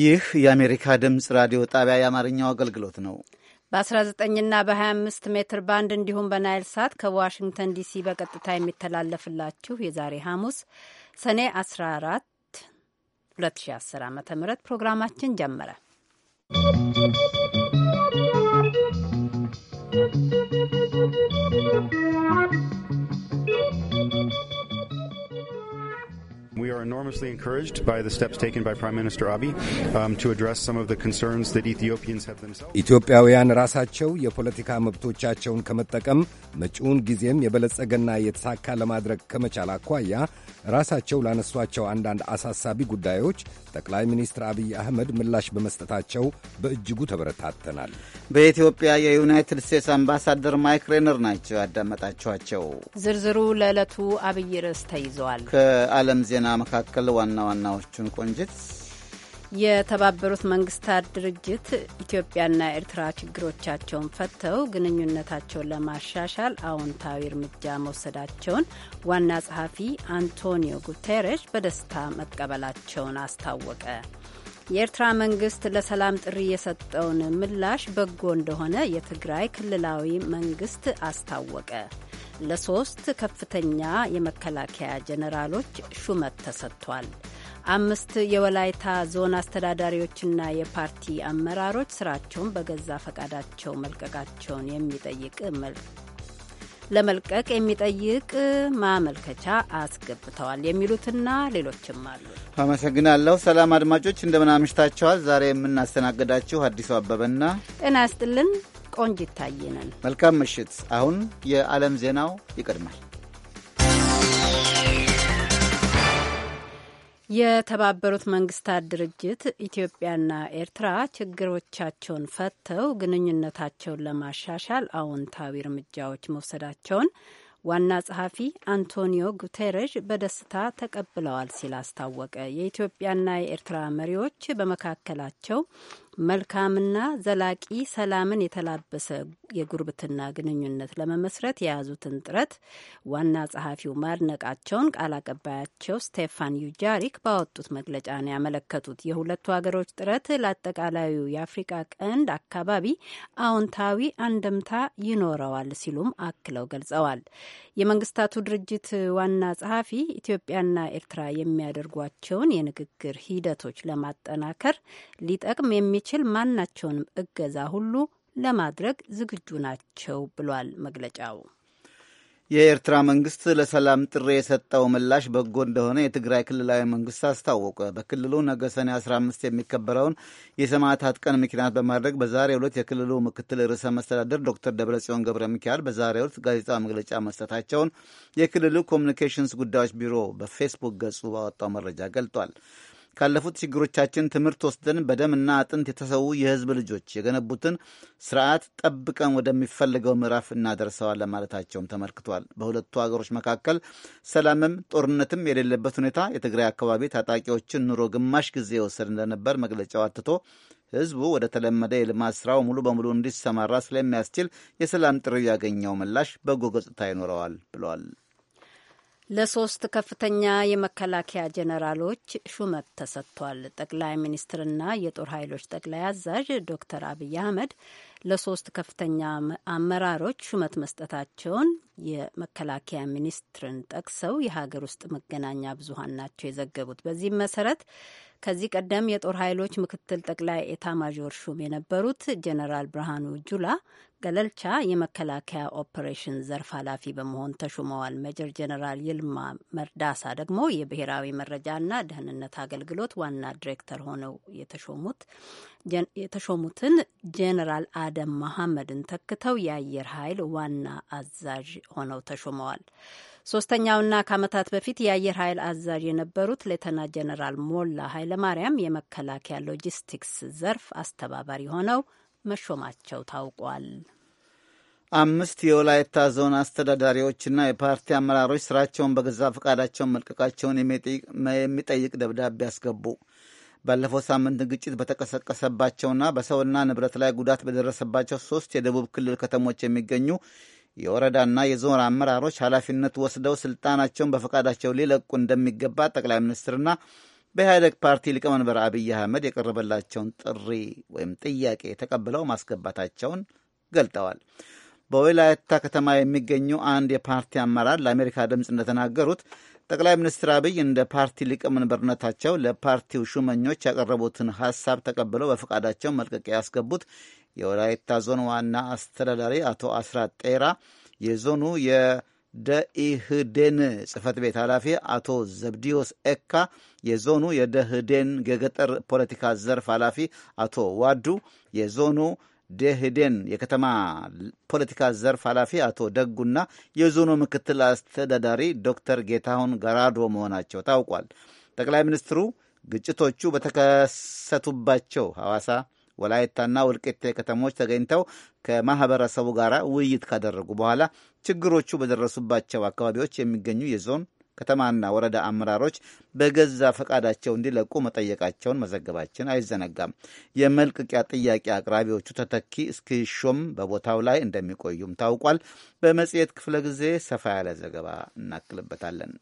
ይህ የአሜሪካ ድምፅ ራዲዮ ጣቢያ የአማርኛው አገልግሎት ነው። በ19ና በ25 ሜትር ባንድ እንዲሁም በናይል ሳት ከዋሽንግተን ዲሲ በቀጥታ የሚተላለፍላችሁ የዛሬ ሐሙስ ሰኔ 14 2010 ዓ ም ፕሮግራማችን ጀመረ። ¶¶ We are enormously encouraged by the steps taken by Prime Minister Abiy um, to address some of the concerns that Ethiopians have themselves. ኢትዮጵያውያን ራሳቸው የፖለቲካ መብቶቻቸውን ከመጠቀም መጪውን ጊዜም የበለጸገና የተሳካ ለማድረግ ከመቻል አኳያ ራሳቸው ላነሷቸው አንዳንድ አሳሳቢ ጉዳዮች ጠቅላይ ሚኒስትር አብይ አህመድ ምላሽ በመስጠታቸው በእጅጉ ተበረታተናል። በኢትዮጵያ የዩናይትድ ስቴትስ አምባሳደር ማይክ ሬነር ናቸው ያዳመጣችኋቸው። ዝርዝሩ ለዕለቱ አብይ ርዕስ ተይዘዋል። ከዓለም ዜና መካከል ዋና ዋናዎቹን ቆንጅት የተባበሩት መንግስታት ድርጅት ኢትዮጵያና ኤርትራ ችግሮቻቸውን ፈተው ግንኙነታቸውን ለማሻሻል አዎንታዊ እርምጃ መውሰዳቸውን ዋና ጸሐፊ አንቶኒዮ ጉቴሬሽ በደስታ መቀበላቸውን አስታወቀ። የኤርትራ መንግስት ለሰላም ጥሪ የሰጠውን ምላሽ በጎ እንደሆነ የትግራይ ክልላዊ መንግስት አስታወቀ። ለሶስት ከፍተኛ የመከላከያ ጀኔራሎች ሹመት ተሰጥቷል። አምስት የወላይታ ዞን አስተዳዳሪዎችና የፓርቲ አመራሮች ስራቸውን በገዛ ፈቃዳቸው መልቀቃቸውን የሚጠይቅ ለመልቀቅ የሚጠይቅ ማመልከቻ አስገብተዋል የሚሉትና ሌሎችም አሉ። አመሰግናለሁ። ሰላም አድማጮች፣ እንደምን አምሽታችኋል? ዛሬ የምናስተናግዳችሁ አዲሱ አበበና ጤና ያስጥልን ቆንጅ ይታየናል። መልካም ምሽት። አሁን የዓለም ዜናው ይቀድማል። የተባበሩት መንግስታት ድርጅት ኢትዮጵያና ኤርትራ ችግሮቻቸውን ፈተው ግንኙነታቸውን ለማሻሻል አዎንታዊ እርምጃዎች መውሰዳቸውን ዋና ጸሐፊ አንቶኒዮ ጉቴሬሽ በደስታ ተቀብለዋል ሲል አስታወቀ። የኢትዮጵያና የኤርትራ መሪዎች በመካከላቸው መልካምና ዘላቂ ሰላምን የተላበሰ የጉርብትና ግንኙነት ለመመስረት የያዙትን ጥረት ዋና ጸሐፊው ማድነቃቸውን ቃል አቀባያቸው ስቴፋን ዩጃሪክ ባወጡት መግለጫ ነው ያመለከቱት። የሁለቱ ሀገሮች ጥረት ለአጠቃላዩ የአፍሪቃ ቀንድ አካባቢ አዎንታዊ አንድምታ ይኖረዋል ሲሉም አክለው ገልጸዋል። የመንግስታቱ ድርጅት ዋና ጸሐፊ ኢትዮጵያና ኤርትራ የሚያደርጓቸውን የንግግር ሂደቶች ለማጠናከር ሊጠቅም የሚችል ማናቸውንም እገዛ ሁሉ ለማድረግ ዝግጁ ናቸው ብሏል መግለጫው። የኤርትራ መንግስት ለሰላም ጥሪ የሰጠው ምላሽ በጎ እንደሆነ የትግራይ ክልላዊ መንግስት አስታወቀ። በክልሉ ነገ ሰኔ 15 የሚከበረውን የሰማዕታት ቀን ምክንያት በማድረግ በዛሬው ዕለት የክልሉ ምክትል ርዕሰ መስተዳደር ዶክተር ደብረጽዮን ገብረ ሚካኤል በዛሬው ዕለት ጋዜጣዊ መግለጫ መስጠታቸውን የክልሉ ኮሚኒኬሽንስ ጉዳዮች ቢሮ በፌስቡክ ገጹ ባወጣው መረጃ ገልጧል። ካለፉት ችግሮቻችን ትምህርት ወስደን በደምና አጥንት የተሰዉ የህዝብ ልጆች የገነቡትን ስርዓት ጠብቀን ወደሚፈልገው ምዕራፍ እናደርሰዋለን ማለታቸውም ተመልክቷል። በሁለቱ ሀገሮች መካከል ሰላምም ጦርነትም የሌለበት ሁኔታ የትግራይ አካባቢ ታጣቂዎችን ኑሮ ግማሽ ጊዜ የወሰድ እንደነበር መግለጫው አትቶ ህዝቡ ወደ ተለመደ የልማት ስራው ሙሉ በሙሉ እንዲሰማራ ስለሚያስችል የሰላም ጥሪው ያገኘው ምላሽ በጎ ገጽታ ይኖረዋል ብለዋል። ለሶስት ከፍተኛ የመከላከያ ጀነራሎች ሹመት ተሰጥቷል። ጠቅላይ ሚኒስትርና የጦር ኃይሎች ጠቅላይ አዛዥ ዶክተር አብይ አህመድ ለሶስት ከፍተኛ አመራሮች ሹመት መስጠታቸውን የመከላከያ ሚኒስትርን ጠቅሰው የሀገር ውስጥ መገናኛ ብዙኃን ናቸው የዘገቡት። በዚህም መሰረት ከዚህ ቀደም የጦር ኃይሎች ምክትል ጠቅላይ ኤታ ማዦር ሹም የነበሩት ጀነራል ብርሃኑ ጁላ ገለልቻ የመከላከያ ኦፕሬሽን ዘርፍ ኃላፊ በመሆን ተሹመዋል። ሜጀር ጀነራል ይልማ መርዳሳ ደግሞ የብሔራዊ መረጃና ደህንነት አገልግሎት ዋና ዲሬክተር ሆነው የተሾሙትን ጀነራል አደም መሐመድን ተክተው የአየር ኃይል ዋና አዛዥ ሆነው ተሾመዋል። ሶስተኛውና ከዓመታት በፊት የአየር ኃይል አዛዥ የነበሩት ሌተና ጀነራል ሞላ ኃይለማርያም የመከላከያ ሎጂስቲክስ ዘርፍ አስተባባሪ ሆነው መሾማቸው ታውቋል። አምስት የወላይታ ዞን አስተዳዳሪዎችና የፓርቲ አመራሮች ስራቸውን በገዛ ፈቃዳቸው መልቀቃቸውን የሚጠይቅ ደብዳቤ አስገቡ። ባለፈው ሳምንት ግጭት በተቀሰቀሰባቸውና በሰውና ንብረት ላይ ጉዳት በደረሰባቸው ሶስት የደቡብ ክልል ከተሞች የሚገኙ የወረዳና የዞን አመራሮች ኃላፊነት ወስደው ስልጣናቸውን በፈቃዳቸው ሊለቁ እንደሚገባ ጠቅላይ ሚኒስትርና በኢህአደግ ፓርቲ ሊቀመንበር አብይ አህመድ የቀረበላቸውን ጥሪ ወይም ጥያቄ ተቀብለው ማስገባታቸውን ገልጠዋል። በወላይታ ከተማ የሚገኙ አንድ የፓርቲ አመራር ለአሜሪካ ድምፅ እንደተናገሩት ጠቅላይ ሚኒስትር አብይ እንደ ፓርቲ ሊቀመንበርነታቸው ለፓርቲው ሹመኞች ያቀረቡትን ሀሳብ ተቀብለው በፈቃዳቸው መልቀቂያ ያስገቡት የወላይታ ዞን ዋና አስተዳዳሪ አቶ አስራት ጤራ የዞኑ ደኢህዴን ጽህፈት ቤት ኃላፊ አቶ ዘብዲዮስ ኤካ፣ የዞኑ የደህዴን የገጠር ፖለቲካ ዘርፍ ኃላፊ አቶ ዋዱ፣ የዞኑ ደህዴን የከተማ ፖለቲካ ዘርፍ ኃላፊ አቶ ደጉና የዞኑ ምክትል አስተዳዳሪ ዶክተር ጌታሁን ገራዶ መሆናቸው ታውቋል። ጠቅላይ ሚኒስትሩ ግጭቶቹ በተከሰቱባቸው ሐዋሳ ወላይታና ወልቂጤ ከተሞች ተገኝተው ከማህበረሰቡ ጋር ውይይት ካደረጉ በኋላ ችግሮቹ በደረሱባቸው አካባቢዎች የሚገኙ የዞን ከተማና ወረዳ አመራሮች በገዛ ፈቃዳቸው እንዲለቁ መጠየቃቸውን መዘገባችን አይዘነጋም። የመልቀቂያ ጥያቄ አቅራቢዎቹ ተተኪ እስኪሾም በቦታው ላይ እንደሚቆዩም ታውቋል። በመጽሔት ክፍለ ጊዜ ሰፋ ያለ ዘገባ እናክልበታለን።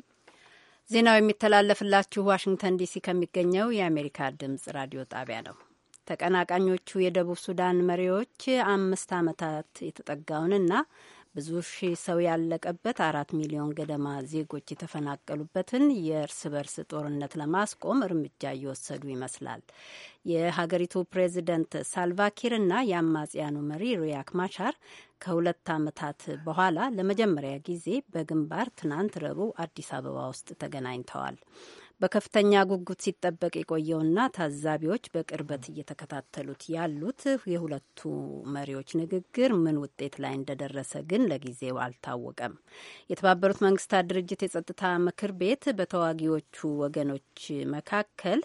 ዜናው የሚተላለፍላችሁ ዋሽንግተን ዲሲ ከሚገኘው የአሜሪካ ድምጽ ራዲዮ ጣቢያ ነው። ተቀናቃኞቹ የደቡብ ሱዳን መሪዎች አምስት ዓመታት የተጠጋውንና ብዙ ሺህ ሰው ያለቀበት አራት ሚሊዮን ገደማ ዜጎች የተፈናቀሉበትን የእርስ በርስ ጦርነት ለማስቆም እርምጃ እየወሰዱ ይመስላል። የሀገሪቱ ፕሬዚደንት ሳልቫኪርና የአማጽያኑ መሪ ሪያክ ማቻር ከሁለት ዓመታት በኋላ ለመጀመሪያ ጊዜ በግንባር ትናንት ረቡዕ አዲስ አበባ ውስጥ ተገናኝተዋል። በከፍተኛ ጉጉት ሲጠበቅ የቆየውና ታዛቢዎች በቅርበት እየተከታተሉት ያሉት የሁለቱ መሪዎች ንግግር ምን ውጤት ላይ እንደደረሰ ግን ለጊዜው አልታወቀም። የተባበሩት መንግስታት ድርጅት የጸጥታ ምክር ቤት በተዋጊዎቹ ወገኖች መካከል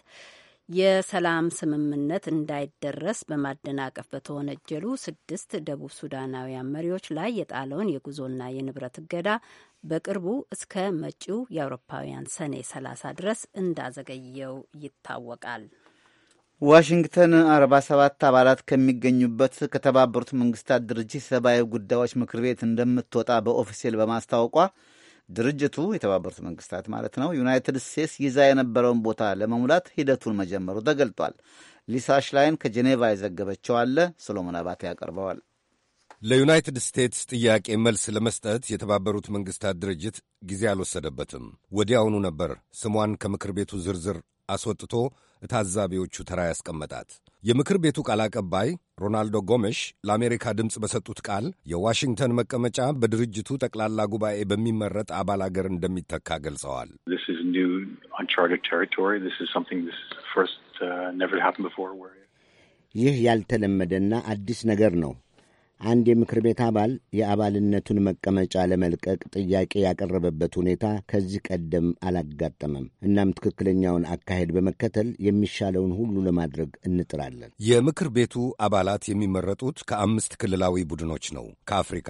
የሰላም ስምምነት እንዳይደረስ በማደናቀፍ በተወነጀሉ ስድስት ደቡብ ሱዳናውያን መሪዎች ላይ የጣለውን የጉዞና የንብረት እገዳ በቅርቡ እስከ መጪው የአውሮፓውያን ሰኔ 30 ድረስ እንዳዘገየው ይታወቃል። ዋሽንግተን 47 አባላት ከሚገኙበት ከተባበሩት መንግስታት ድርጅት ሰብአዊ ጉዳዮች ምክር ቤት እንደምትወጣ በኦፊሴል በማስታወቋ ድርጅቱ የተባበሩት መንግስታት ማለት ነው ዩናይትድ ስቴትስ ይዛ የነበረውን ቦታ ለመሙላት ሂደቱን መጀመሩ ተገልጧል። ሊሳ ሽላይን ከጄኔቫ የዘገበችው አለ። ሶሎሞን አባቴ ያቀርበዋል። ለዩናይትድ ስቴትስ ጥያቄ መልስ ለመስጠት የተባበሩት መንግስታት ድርጅት ጊዜ አልወሰደበትም። ወዲያውኑ ነበር ስሟን ከምክር ቤቱ ዝርዝር አስወጥቶ ታዛቢዎቹ ተራ ያስቀመጣት። የምክር ቤቱ ቃል አቀባይ ሮናልዶ ጎሜሽ ለአሜሪካ ድምፅ በሰጡት ቃል የዋሽንግተን መቀመጫ በድርጅቱ ጠቅላላ ጉባኤ በሚመረጥ አባል አገር እንደሚተካ ገልጸዋል። uh, ይህ ያልተለመደና አዲስ ነገር ነው። አንድ የምክር ቤት አባል የአባልነቱን መቀመጫ ለመልቀቅ ጥያቄ ያቀረበበት ሁኔታ ከዚህ ቀደም አላጋጠመም። እናም ትክክለኛውን አካሄድ በመከተል የሚሻለውን ሁሉ ለማድረግ እንጥራለን። የምክር ቤቱ አባላት የሚመረጡት ከአምስት ክልላዊ ቡድኖች ነው። ከአፍሪካ፣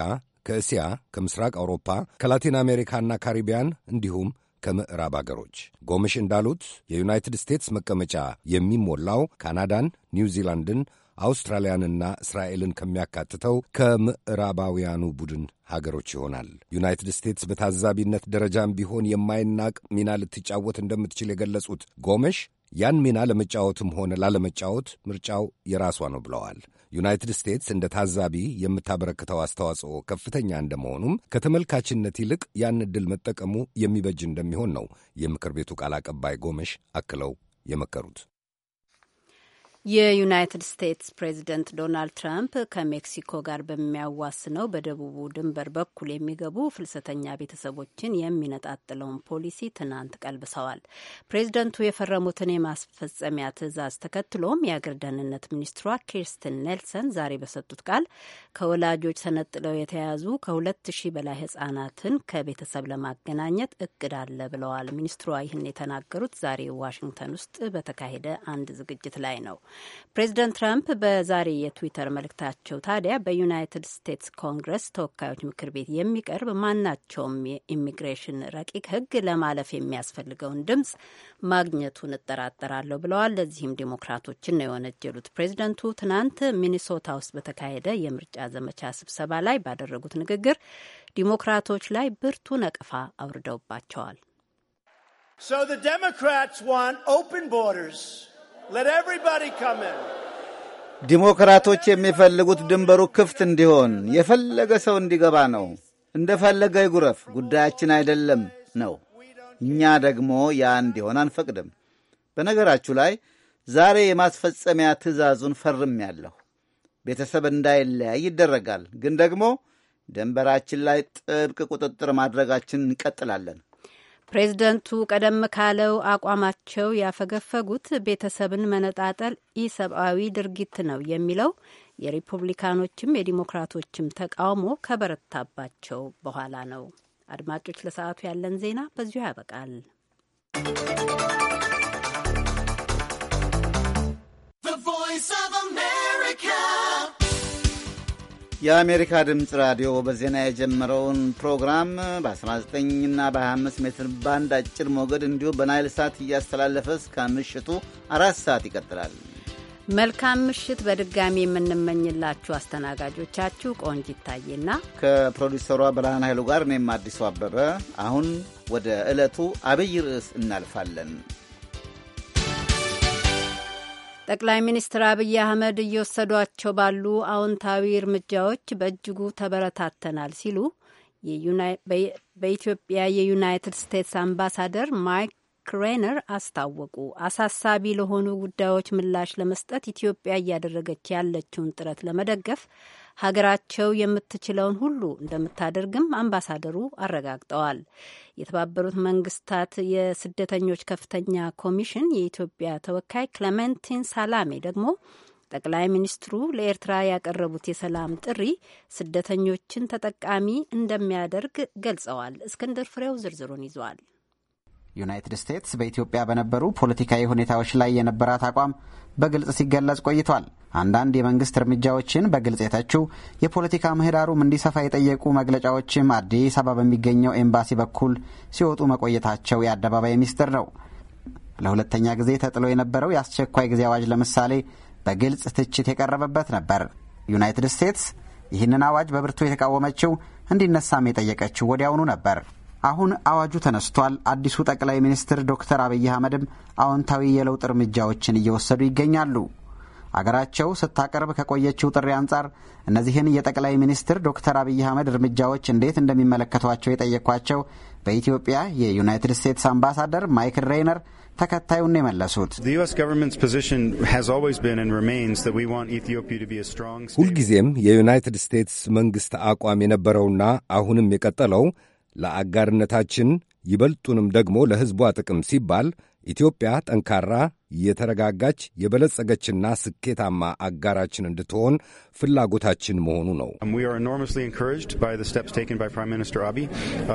ከእስያ፣ ከምስራቅ አውሮፓ፣ ከላቲን አሜሪካና ካሪቢያን እንዲሁም ከምዕራብ አገሮች ጎምሽ እንዳሉት የዩናይትድ ስቴትስ መቀመጫ የሚሞላው ካናዳን፣ ኒውዚላንድን አውስትራሊያንና እስራኤልን ከሚያካትተው ከምዕራባውያኑ ቡድን ሀገሮች ይሆናል። ዩናይትድ ስቴትስ በታዛቢነት ደረጃም ቢሆን የማይናቅ ሚና ልትጫወት እንደምትችል የገለጹት ጎመሽ ያን ሚና ለመጫወትም ሆነ ላለመጫወት ምርጫው የራሷ ነው ብለዋል። ዩናይትድ ስቴትስ እንደ ታዛቢ የምታበረክተው አስተዋጽኦ ከፍተኛ እንደመሆኑም ከተመልካችነት ይልቅ ያን ዕድል መጠቀሙ የሚበጅ እንደሚሆን ነው የምክር ቤቱ ቃል አቀባይ ጎመሽ አክለው የመከሩት። የዩናይትድ ስቴትስ ፕሬዚደንት ዶናልድ ትራምፕ ከሜክሲኮ ጋር በሚያዋስነው በደቡቡ ድንበር በኩል የሚገቡ ፍልሰተኛ ቤተሰቦችን የሚነጣጥለውን ፖሊሲ ትናንት ቀልብሰዋል። ፕሬዚደንቱ የፈረሙትን የማስፈጸሚያ ትዕዛዝ ተከትሎም የአገር ደህንነት ሚኒስትሯ ኪርስትን ኔልሰን ዛሬ በሰጡት ቃል ከወላጆች ተነጥለው የተያዙ ከሁለት ሺህ በላይ ህጻናትን ከቤተሰብ ለማገናኘት እቅድ አለ ብለዋል። ሚኒስትሯ ይህን የተናገሩት ዛሬ ዋሽንግተን ውስጥ በተካሄደ አንድ ዝግጅት ላይ ነው። ፕሬዚደንት ትራምፕ በዛሬ የትዊተር መልእክታቸው ታዲያ በዩናይትድ ስቴትስ ኮንግረስ ተወካዮች ምክር ቤት የሚቀርብ ማናቸውም የኢሚግሬሽን ረቂቅ ሕግ ለማለፍ የሚያስፈልገውን ድምፅ ማግኘቱን እጠራጠራለሁ ብለዋል። ለዚህም ዲሞክራቶችን ነው የወነጀሉት። ፕሬዚደንቱ ትናንት ሚኒሶታ ውስጥ በተካሄደ የምርጫ ዘመቻ ስብሰባ ላይ ባደረጉት ንግግር ዲሞክራቶች ላይ ብርቱ ነቅፋ አውርደውባቸዋል። So the Democrats want open borders. ዲሞክራቶች የሚፈልጉት ድንበሩ ክፍት እንዲሆን የፈለገ ሰው እንዲገባ ነው። እንደፈለገ ይጉረፍ፣ ጉዳያችን አይደለም ነው። እኛ ደግሞ ያ እንዲሆን አንፈቅድም። በነገራችሁ ላይ ዛሬ የማስፈጸሚያ ትዕዛዙን ፈርሜያለሁ። ቤተሰብ እንዳይለያይ ይደረጋል። ግን ደግሞ ድንበራችን ላይ ጥብቅ ቁጥጥር ማድረጋችን እንቀጥላለን። ፕሬዝደንቱ ቀደም ካለው አቋማቸው ያፈገፈጉት ቤተሰብን መነጣጠል ኢሰብአዊ ድርጊት ነው የሚለው የሪፑብሊካኖችም የዲሞክራቶችም ተቃውሞ ከበረታባቸው በኋላ ነው። አድማጮች፣ ለሰዓቱ ያለን ዜና በዚሁ ያበቃል። ቮይስ ኦፍ አሜሪካ የአሜሪካ ድምፅ ራዲዮ በዜና የጀመረውን ፕሮግራም በ19ና በ25 ሜትር ባንድ አጭር ሞገድ እንዲሁም በናይል ሳት እያስተላለፈ እስከ ምሽቱ አራት ሰዓት ይቀጥላል። መልካም ምሽት በድጋሚ የምንመኝላችሁ አስተናጋጆቻችሁ ቆንጅ ይታየና ከፕሮዲሰሯ ብርሃን ኃይሉ ጋር እኔም አዲሱ አበበ። አሁን ወደ ዕለቱ አብይ ርዕስ እናልፋለን። ጠቅላይ ሚኒስትር አብይ አህመድ እየወሰዷቸው ባሉ አዎንታዊ እርምጃዎች በእጅጉ ተበረታተናል ሲሉ በኢትዮጵያ የዩናይትድ ስቴትስ አምባሳደር ማይክ ክሬነር አስታወቁ። አሳሳቢ ለሆኑ ጉዳዮች ምላሽ ለመስጠት ኢትዮጵያ እያደረገች ያለችውን ጥረት ለመደገፍ ሀገራቸው የምትችለውን ሁሉ እንደምታደርግም አምባሳደሩ አረጋግጠዋል። የተባበሩት መንግስታት የስደተኞች ከፍተኛ ኮሚሽን የኢትዮጵያ ተወካይ ክለመንቲን ሳላሜ ደግሞ ጠቅላይ ሚኒስትሩ ለኤርትራ ያቀረቡት የሰላም ጥሪ ስደተኞችን ተጠቃሚ እንደሚያደርግ ገልጸዋል። እስክንድር ፍሬው ዝርዝሩን ይዟል። ዩናይትድ ስቴትስ በኢትዮጵያ በነበሩ ፖለቲካዊ ሁኔታዎች ላይ የነበራት አቋም በግልጽ ሲገለጽ ቆይቷል። አንዳንድ የመንግስት እርምጃዎችን በግልጽ የተቹ፣ የፖለቲካ ምህዳሩም እንዲሰፋ የጠየቁ መግለጫዎችም አዲስ አበባ በሚገኘው ኤምባሲ በኩል ሲወጡ መቆየታቸው የአደባባይ ሚስጥር ነው። ለሁለተኛ ጊዜ ተጥሎ የነበረው የአስቸኳይ ጊዜ አዋጅ ለምሳሌ በግልጽ ትችት የቀረበበት ነበር። ዩናይትድ ስቴትስ ይህንን አዋጅ በብርቱ የተቃወመችው እንዲነሳም የጠየቀችው ወዲያውኑ ነበር። አሁን አዋጁ ተነስቷል። አዲሱ ጠቅላይ ሚኒስትር ዶክተር አብይ አህመድም አዎንታዊ የለውጥ እርምጃዎችን እየወሰዱ ይገኛሉ። አገራቸው ስታቀርብ ከቆየችው ጥሪ አንጻር እነዚህን የጠቅላይ ሚኒስትር ዶክተር አብይ አህመድ እርምጃዎች እንዴት እንደሚመለከቷቸው የጠየኳቸው በኢትዮጵያ የዩናይትድ ስቴትስ አምባሳደር ማይክል ሬይነር ተከታዩን የመለሱት ሁልጊዜም የዩናይትድ ስቴትስ መንግሥት አቋም የነበረውና አሁንም የቀጠለው ለአጋርነታችን ይበልጡንም ደግሞ ለሕዝቧ ጥቅም ሲባል ኢትዮጵያ ጠንካራ የተረጋጋች የበለጸገችና ስኬታማ አጋራችን እንድትሆን ፍላጎታችን መሆኑ ነው። um,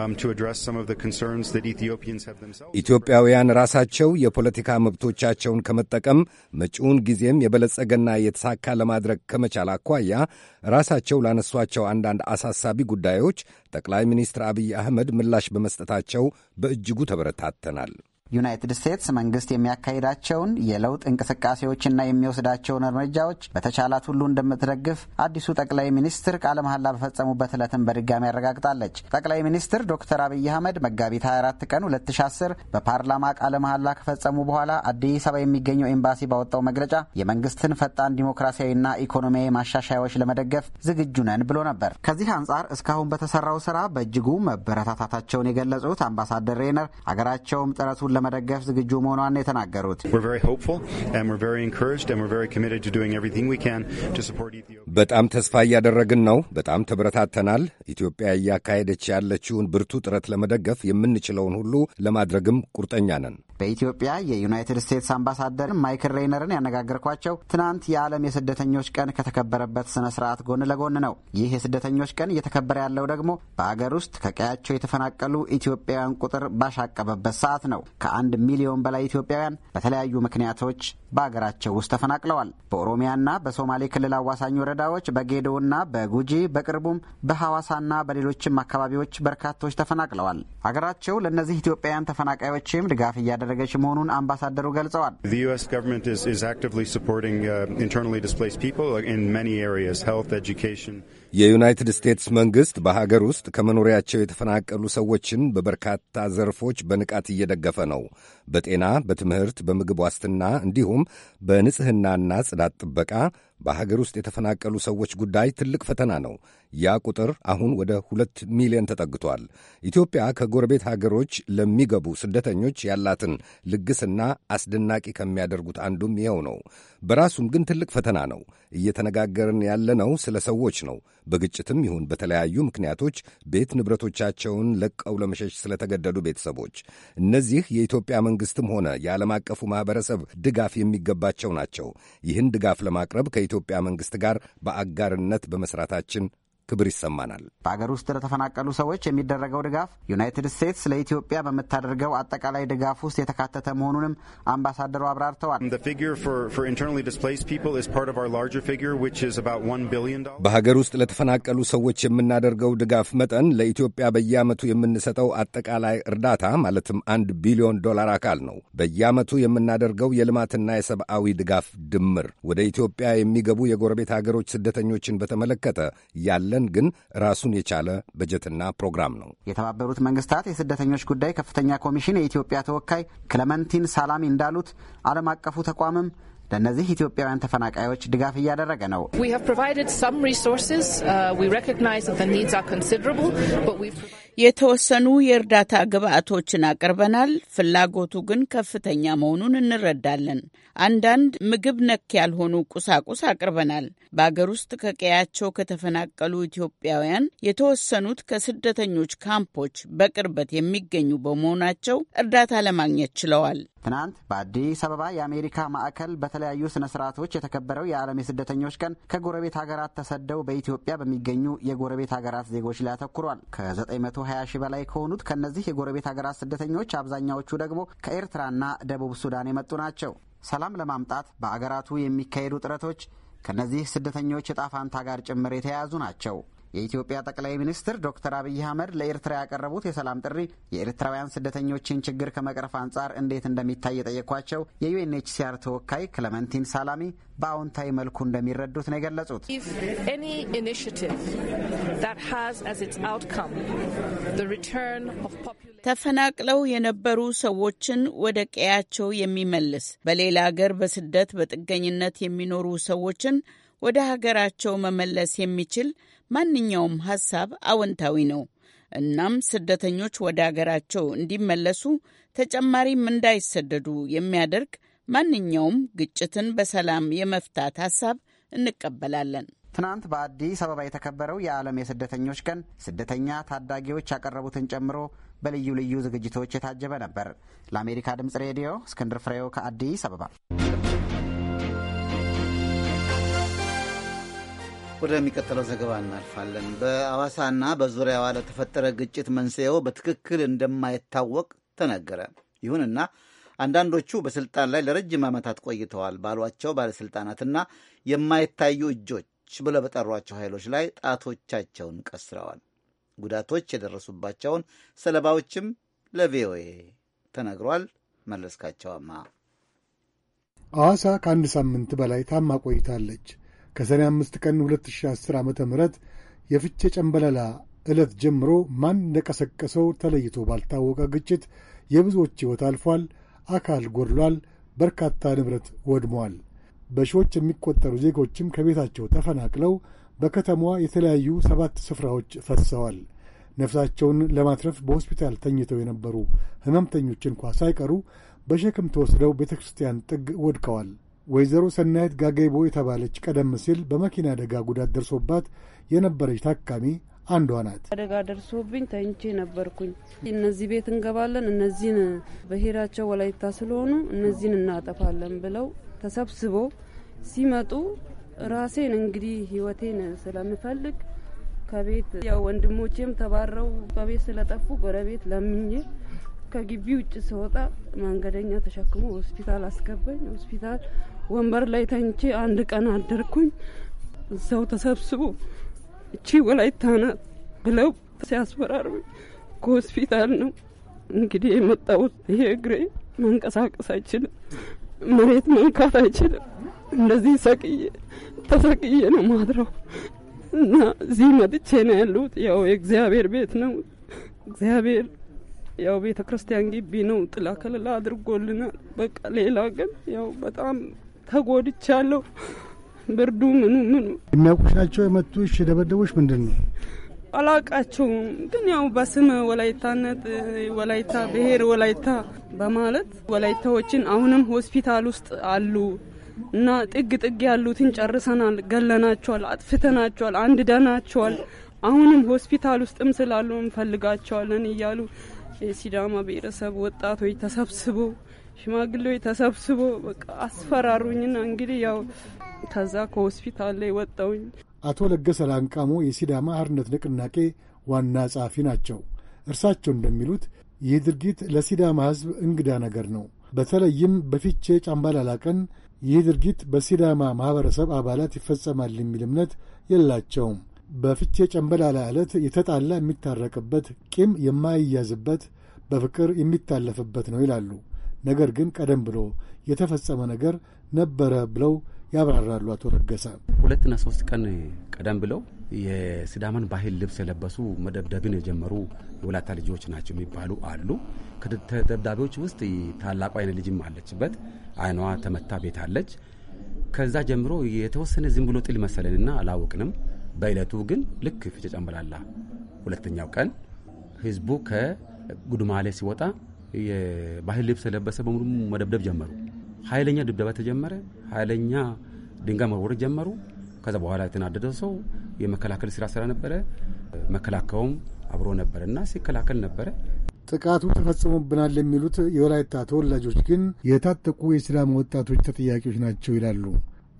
um, ኢትዮጵያውያን ራሳቸው የፖለቲካ መብቶቻቸውን ከመጠቀም መጪውን ጊዜም የበለጸገና የተሳካ ለማድረግ ከመቻል አኳያ ራሳቸው ላነሷቸው አንዳንድ አሳሳቢ ጉዳዮች ጠቅላይ ሚኒስትር አብይ አህመድ ምላሽ በመስጠታቸው በእጅጉ ተበረታተናል። ዩናይትድ ስቴትስ መንግስት የሚያካሂዳቸውን የለውጥ እንቅስቃሴዎችና የሚወስዳቸውን እርምጃዎች በተቻላት ሁሉ እንደምትደግፍ አዲሱ ጠቅላይ ሚኒስትር ቃለ መሐላ በፈጸሙበት ዕለትም በድጋሚ አረጋግጣለች። ጠቅላይ ሚኒስትር ዶክተር አብይ አህመድ መጋቢት 24 ቀን 2010 በፓርላማ ቃለ መሐላ ከፈጸሙ በኋላ አዲስ አበባ የሚገኘው ኤምባሲ ባወጣው መግለጫ የመንግስትን ፈጣን ዲሞክራሲያዊና ኢኮኖሚያዊ ማሻሻያዎች ለመደገፍ ዝግጁ ነን ብሎ ነበር። ከዚህ አንጻር እስካሁን በተሰራው ስራ በእጅጉ መበረታታታቸውን የገለጹት አምባሳደር ሬነር አገራቸውም ጥረቱን ለመደገፍ ዝግጁ መሆኗን የተናገሩት በጣም ተስፋ እያደረግን ነው። በጣም ተበረታተናል። ኢትዮጵያ እያካሄደች ያለችውን ብርቱ ጥረት ለመደገፍ የምንችለውን ሁሉ ለማድረግም ቁርጠኛ ነን። በኢትዮጵያ የዩናይትድ ስቴትስ አምባሳደር ማይክል ሬይነርን ያነጋገርኳቸው ትናንት የዓለም የስደተኞች ቀን ከተከበረበት ስነ ስርዓት ጎን ለጎን ነው። ይህ የስደተኞች ቀን እየተከበረ ያለው ደግሞ በአገር ውስጥ ከቀያቸው የተፈናቀሉ ኢትዮጵያውያን ቁጥር ባሻቀበበት ሰዓት ነው። ከአንድ ሚሊዮን በላይ ኢትዮጵያውያን በተለያዩ ምክንያቶች በአገራቸው ውስጥ ተፈናቅለዋል። በኦሮሚያና በሶማሌ ክልል አዋሳኝ ወረዳዎች በጌዶና በጉጂ በቅርቡም በሐዋሳና በሌሎችም አካባቢዎች በርካቶች ተፈናቅለዋል። አገራቸው ለእነዚህ ኢትዮጵያውያን ተፈናቃዮችም ድጋፍ እያደረ እያደረገች መሆኑን አምባሳደሩ ገልጸዋል። የዩናይትድ ስቴትስ መንግሥት በሀገር ውስጥ ከመኖሪያቸው የተፈናቀሉ ሰዎችን በበርካታ ዘርፎች በንቃት እየደገፈ ነው። በጤና፣ በትምህርት፣ በምግብ ዋስትና እንዲሁም በንጽሕናና ጽዳት ጥበቃ በሀገር ውስጥ የተፈናቀሉ ሰዎች ጉዳይ ትልቅ ፈተና ነው። ያ ቁጥር አሁን ወደ ሁለት ሚሊዮን ተጠግቷል። ኢትዮጵያ ከጎረቤት ሀገሮች ለሚገቡ ስደተኞች ያላትን ልግስና አስደናቂ ከሚያደርጉት አንዱም ይኸው ነው። በራሱም ግን ትልቅ ፈተና ነው። እየተነጋገርን ያለነው ስለ ሰዎች ነው። በግጭትም ይሁን በተለያዩ ምክንያቶች ቤት ንብረቶቻቸውን ለቀው ለመሸሽ ስለተገደዱ ቤተሰቦች። እነዚህ የኢትዮጵያ መንግሥትም ሆነ የዓለም አቀፉ ማኅበረሰብ ድጋፍ የሚገባቸው ናቸው። ይህን ድጋፍ ለማቅረብ ከኢትዮጵያ መንግሥት ጋር በአጋርነት በመሥራታችን ክብር ይሰማናል። በአገር ውስጥ ለተፈናቀሉ ሰዎች የሚደረገው ድጋፍ ዩናይትድ ስቴትስ ለኢትዮጵያ በምታደርገው አጠቃላይ ድጋፍ ውስጥ የተካተተ መሆኑንም አምባሳደሩ አብራርተዋል። በሀገር ውስጥ ለተፈናቀሉ ሰዎች የምናደርገው ድጋፍ መጠን ለኢትዮጵያ በየዓመቱ የምንሰጠው አጠቃላይ እርዳታ ማለትም አንድ ቢሊዮን ዶላር አካል ነው። በየዓመቱ የምናደርገው የልማትና የሰብአዊ ድጋፍ ድምር ወደ ኢትዮጵያ የሚገቡ የጎረቤት ሀገሮች ስደተኞችን በተመለከተ ያለ ያለን ግን ራሱን የቻለ በጀትና ፕሮግራም ነው። የተባበሩት መንግስታት የስደተኞች ጉዳይ ከፍተኛ ኮሚሽን የኢትዮጵያ ተወካይ ክለመንቲን ሳላሚ እንዳሉት ዓለም አቀፉ ተቋምም ለእነዚህ ኢትዮጵያውያን ተፈናቃዮች ድጋፍ እያደረገ ነው። የተወሰኑ የእርዳታ ግብአቶችን አቅርበናል። ፍላጎቱ ግን ከፍተኛ መሆኑን እንረዳለን። አንዳንድ ምግብ ነክ ያልሆኑ ቁሳቁስ አቅርበናል። በአገር ውስጥ ከቀያቸው ከተፈናቀሉ ኢትዮጵያውያን የተወሰኑት ከስደተኞች ካምፖች በቅርበት የሚገኙ በመሆናቸው እርዳታ ለማግኘት ችለዋል። ትናንት በአዲስ አበባ የአሜሪካ ማዕከል በተለያዩ ስነ ስርዓቶች የተከበረው የዓለም የስደተኞች ቀን ከጎረቤት ሀገራት ተሰደው በኢትዮጵያ በሚገኙ የጎረቤት ሀገራት ዜጎች ላይ አተኩሯል። ከዘጠኝ መቶ ከ120 ሺህ በላይ ከሆኑት ከእነዚህ የጎረቤት ሀገራት ስደተኞች አብዛኛዎቹ ደግሞ ከኤርትራና ደቡብ ሱዳን የመጡ ናቸው። ሰላም ለማምጣት በአገራቱ የሚካሄዱ ጥረቶች ከእነዚህ ስደተኞች የጣፋንታ ጋር ጭምር የተያያዙ ናቸው። የኢትዮጵያ ጠቅላይ ሚኒስትር ዶክተር አብይ አህመድ ለኤርትራ ያቀረቡት የሰላም ጥሪ የኤርትራውያን ስደተኞችን ችግር ከመቅረፍ አንጻር እንዴት እንደሚታይ የጠየኳቸው የዩኤንኤችሲአር ተወካይ ክለመንቲን ሳላሚ በአዎንታዊ መልኩ እንደሚረዱት ነው የገለጹት። ተፈናቅለው የነበሩ ሰዎችን ወደ ቀያቸው የሚመልስ በሌላ አገር በስደት በጥገኝነት የሚኖሩ ሰዎችን ወደ ሀገራቸው መመለስ የሚችል ማንኛውም ሀሳብ አወንታዊ ነው። እናም ስደተኞች ወደ አገራቸው እንዲመለሱ ተጨማሪም እንዳይሰደዱ የሚያደርግ ማንኛውም ግጭትን በሰላም የመፍታት ሀሳብ እንቀበላለን። ትናንት በአዲስ አበባ የተከበረው የዓለም የስደተኞች ቀን ስደተኛ ታዳጊዎች ያቀረቡትን ጨምሮ በልዩ ልዩ ዝግጅቶች የታጀበ ነበር። ለአሜሪካ ድምፅ ሬዲዮ እስክንድር ፍሬው ከአዲስ አበባ ወደሚቀጥለው ዘገባ እናልፋለን። በአዋሳና በዙሪያዋ ለተፈጠረ ግጭት መንስኤው በትክክል እንደማይታወቅ ተነገረ። ይሁንና አንዳንዶቹ በስልጣን ላይ ለረጅም ዓመታት ቆይተዋል ባሏቸው ባለሥልጣናትና የማይታዩ እጆች ብለው በጠሯቸው ኃይሎች ላይ ጣቶቻቸውን ቀስረዋል። ጉዳቶች የደረሱባቸውን ሰለባዎችም ለቪኦኤ ተነግሯል። አማ አዋሳ ከአንድ ሳምንት በላይ ታማ ቆይታለች። ከሰኔ አምስት ቀን 2010 ዓ ም የፍቼ ጨምበላላ ዕለት ጀምሮ ማን እንደቀሰቀሰው ተለይቶ ባልታወቀ ግጭት የብዙዎች ሕይወት አልፏል፣ አካል ጎድሏል፣ በርካታ ንብረት ወድሟል። በሺዎች የሚቆጠሩ ዜጎችም ከቤታቸው ተፈናቅለው በከተማዋ የተለያዩ ሰባት ስፍራዎች ፈሰዋል። ነፍሳቸውን ለማትረፍ በሆስፒታል ተኝተው የነበሩ ሕመምተኞች እንኳ ሳይቀሩ በሸክም ተወስደው ቤተ ክርስቲያን ጥግ ወድቀዋል። ወይዘሮ ሰናይት ጋገይቦ የተባለች ቀደም ሲል በመኪና አደጋ ጉዳት ደርሶባት የነበረች ታካሚ አንዷ ናት። አደጋ ደርሶብኝ ተኝቼ ነበርኩኝ። እነዚህ ቤት እንገባለን፣ እነዚህን ብሔራቸው ወላይታ ስለሆኑ እነዚህን እናጠፋለን ብለው ተሰብስቦ ሲመጡ ራሴን እንግዲህ ህይወቴን ስለምፈልግ ከቤት ያው ወንድሞቼም ተባረው ከቤት ስለጠፉ ጎረቤት ለምኜ ከግቢ ውጭ ስወጣ መንገደኛ ተሸክሞ ሆስፒታል አስገባኝ። ሆስፒታል ወንበር ላይ ተኝቼ አንድ ቀን አደርኩኝ። እዛው ተሰብስቦ እቺ ወላይታ ናት ብለው ሲያስፈራሩኝ ከሆስፒታል ነው እንግዲህ የመጣሁት። ይሄ እግሬ መንቀሳቀስ አይችልም፣ መሬት መንካት አይችልም። እንደዚህ ሰቅዬ ተሰቅዬ ነው ማድረው እና እዚህ መጥቼ ነው ያሉት። ያው የእግዚአብሔር ቤት ነው እግዚአብሔር ያው ቤተ ክርስቲያን ግቢ ነው ጥላ ከለላ አድርጎልናል። በቃ ሌላ ግን ያው በጣም ተጎድቻለሁ። ብርዱ ምኑ ምኑ የሚያውቁሻቸው የመቱሽ የደበደቦች ምንድን ነው? አላቃቸውም ግን ያው በስም ወላይታነት ወላይታ ብሔር ወላይታ በማለት ወላይታዎችን አሁንም ሆስፒታል ውስጥ አሉ እና ጥግ ጥግ ያሉትን ጨርሰናል፣ ገለናቸዋል፣ አጥፍተናቸዋል፣ አንድደናቸዋል፣ አሁንም ሆስፒታል ውስጥም ስላሉ እንፈልጋቸዋለን እያሉ የሲዳማ ብሔረሰብ ወጣቶች ተሰብስበው ሽማግሌዎች ተሰብስቦ በቃ አስፈራሩኝና እንግዲህ ያው ከዛ ከሆስፒታል ላይ ወጣውኝ። አቶ ለገሰ ላንቃሞ የሲዳማ አርነት ንቅናቄ ዋና ጸሐፊ ናቸው። እርሳቸው እንደሚሉት ይህ ድርጊት ለሲዳማ ሕዝብ እንግዳ ነገር ነው። በተለይም በፊቼ ጫምባላላ ቀን ይህ ድርጊት በሲዳማ ማኅበረሰብ አባላት ይፈጸማል የሚል እምነት የላቸውም። በፍቼ ጨንበላላ ዕለት የተጣላ የሚታረቅበት፣ ቂም የማይያዝበት፣ በፍቅር የሚታለፍበት ነው ይላሉ። ነገር ግን ቀደም ብሎ የተፈጸመ ነገር ነበረ ብለው ያብራራሉ አቶ ረገሰ። ሁለትና ሶስት ቀን ቀደም ብለው የሲዳማን ባህል ልብስ የለበሱ መደብደብን የጀመሩ የወላታ ልጆች ናቸው የሚባሉ አሉ። ከደብዳቤዎች ውስጥ ታላቁ አይነ ልጅም አለችበት። አይኗ ተመታ ቤት አለች። ከዛ ጀምሮ የተወሰነ ዝም ብሎ ጥል መሰለንና አላወቅንም። በዕለቱ ግን ልክ ፍቼ ሁለተኛው ቀን ህዝቡ ከጉድማሌ ሲወጣ የባህል ልብስ ለበሰ በሙሉ መደብደብ ጀመሩ። ኃይለኛ ድብደባ ተጀመረ። ኃይለኛ ድንጋይ መወርወር ጀመሩ። ከዛ በኋላ የተናደደ ሰው የመከላከል ስራ ስራ ነበረ። መከላከያውም አብሮ ነበረ እና ሲከላከል ነበረ። ጥቃቱ ተፈጽሞብናል የሚሉት የወላይታ ተወላጆች ግን የታጠቁ የሰላም ወጣቶች ተጠያቂዎች ናቸው ይላሉ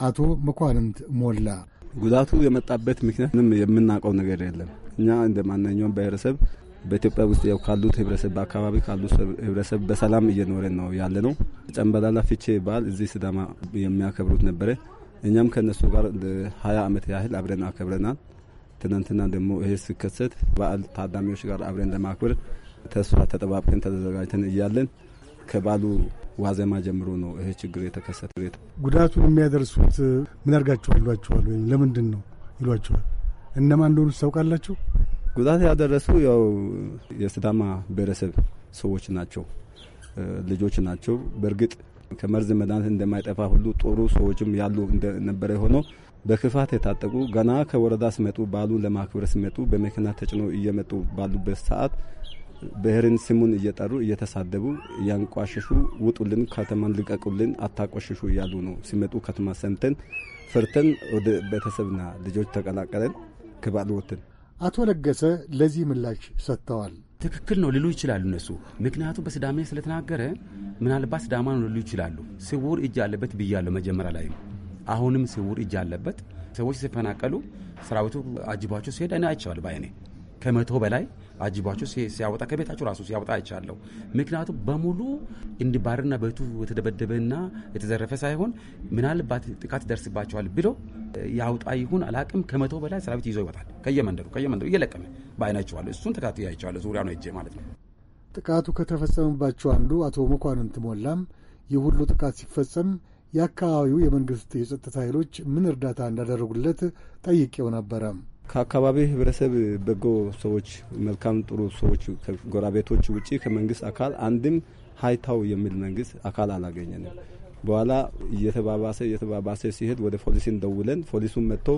አቶ መኳንንት ሞላ። ጉዳቱ የመጣበት ምክንያት ምንም የምናውቀው ነገር የለም። እኛ እንደ ማንኛውም ብሔረሰብ በኢትዮጵያ ውስጥ ያው ካሉት ህብረተሰብ በአካባቢ ካሉት ህብረተሰብ በሰላም እየኖረን ነው ያለ ነው። ጨንበላላ ፊቼ በዓል እዚህ ስዳማ የሚያከብሩት ነበረ። እኛም ከእነሱ ጋር ሀያ ዓመት ያህል አብረን አከብረናል። ትናንትና ደግሞ ይሄ ሲከሰት በዓል ታዳሚዎች ጋር አብረን ለማክበር ተስፋ ተጠባብቀን ተዘጋጅተን እያለን ከበዓሉ ዋዜማ ጀምሮ ነው ይሄ ችግር የተከሰተ። ጉዳቱን የሚያደርሱት ምን አድርጋችሁ አሏችኋል ወይም ለምንድን ነው ይሏችኋል? እነማን እንደሆኑ ታውቃላችሁ? ጉዳት ያደረሱ ያው የስዳማ ብሔረሰብ ሰዎች ናቸው፣ ልጆች ናቸው። በእርግጥ ከመርዝ መድኃኒት እንደማይጠፋ ሁሉ ጥሩ ሰዎችም ያሉ እንደነበረ የሆነው በክፋት የታጠቁ ገና ከወረዳ ሲመጡ በዓሉን ለማክበር ሲመጡ በመኪና ተጭኖ እየመጡ ባሉበት ሰዓት ብሔርን ስሙን እየጠሩ እየተሳደቡ እያንቋሸሹ ውጡልን፣ ከተማን ልቀቁልን፣ አታቆሸሹ እያሉ ነው ሲመጡ። ከተማ ሰምተን ፍርተን ወደ ቤተሰብና ልጆች ተቀላቀለን። ከባል ወትን አቶ ለገሰ ለዚህ ምላሽ ሰጥተዋል። ትክክል ነው ሊሉ ይችላሉ እነሱ። ምክንያቱም በስዳሜ ስለተናገረ ምናልባት ስዳማ ነው ሊሉ ይችላሉ። ስውር እጅ አለበት ብያለሁ መጀመሪያ ላይ። አሁንም ስውር እጅ አለበት። ሰዎች ሲፈናቀሉ ሰራዊቱ አጅቧቸው ሲሄድ እኔ አይቼዋለሁ ከመቶ በላይ አጅቧቸው ሲያወጣ ከቤታቸው ራሱ ሲያወጣ አይቻለሁ። ምክንያቱም በሙሉ እንዲባርና በቱ የተደበደበና የተዘረፈ ሳይሆን ምናልባት ጥቃት ይደርስባቸዋል ብሎ ያውጣ ይሁን አላቅም፣ ከመቶ በላይ ሰራዊት ይዞ ይወጣል። ከየመንደሩ ከየመንደሩ እየለቀመ በአይናቸዋለሁ። እሱን ተካቱ አይቼዋለሁ። ዙሪያ ነው እጄ ማለት ነው። ጥቃቱ ከተፈጸመባቸው አንዱ አቶ መኳንንት ሞላም ይህ ሁሉ ጥቃት ሲፈጸም የአካባቢው የመንግስት የጸጥታ ኃይሎች ምን እርዳታ እንዳደረጉለት ጠይቄው ነበረም። ከአካባቢ ህብረተሰብ በጎ ሰዎች፣ መልካም ጥሩ ሰዎች፣ ጎረቤቶች ውጭ ከመንግስት አካል አንድም ሀይታው የሚል መንግስት አካል አላገኘንም። በኋላ እየተባባሰ እየተባባሰ ሲሄድ ወደ ፖሊሲን ደውለን ፖሊሱን መጥቶ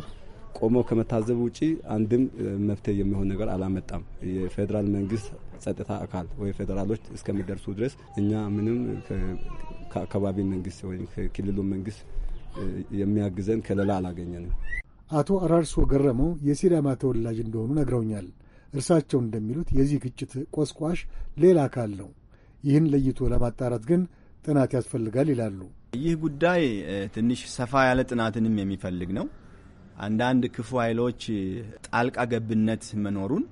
ቆሞ ከመታዘብ ውጪ አንድም መፍትሄ የሚሆን ነገር አላመጣም። የፌዴራል መንግስት ጸጥታ አካል ወይ ፌዴራሎች እስከሚደርሱ ድረስ እኛ ምንም ከአካባቢ መንግስት ወይም ከክልሉ መንግስት የሚያግዘን ከለላ አላገኘንም። አቶ አራርሶ ገረመው የሲዳማ ተወላጅ እንደሆኑ ነግረውኛል። እርሳቸው እንደሚሉት የዚህ ግጭት ቆስቋሽ ሌላ አካል ነው። ይህን ለይቶ ለማጣራት ግን ጥናት ያስፈልጋል ይላሉ። ይህ ጉዳይ ትንሽ ሰፋ ያለ ጥናትንም የሚፈልግ ነው። አንዳንድ ክፉ ኃይሎች ጣልቃ ገብነት መኖሩን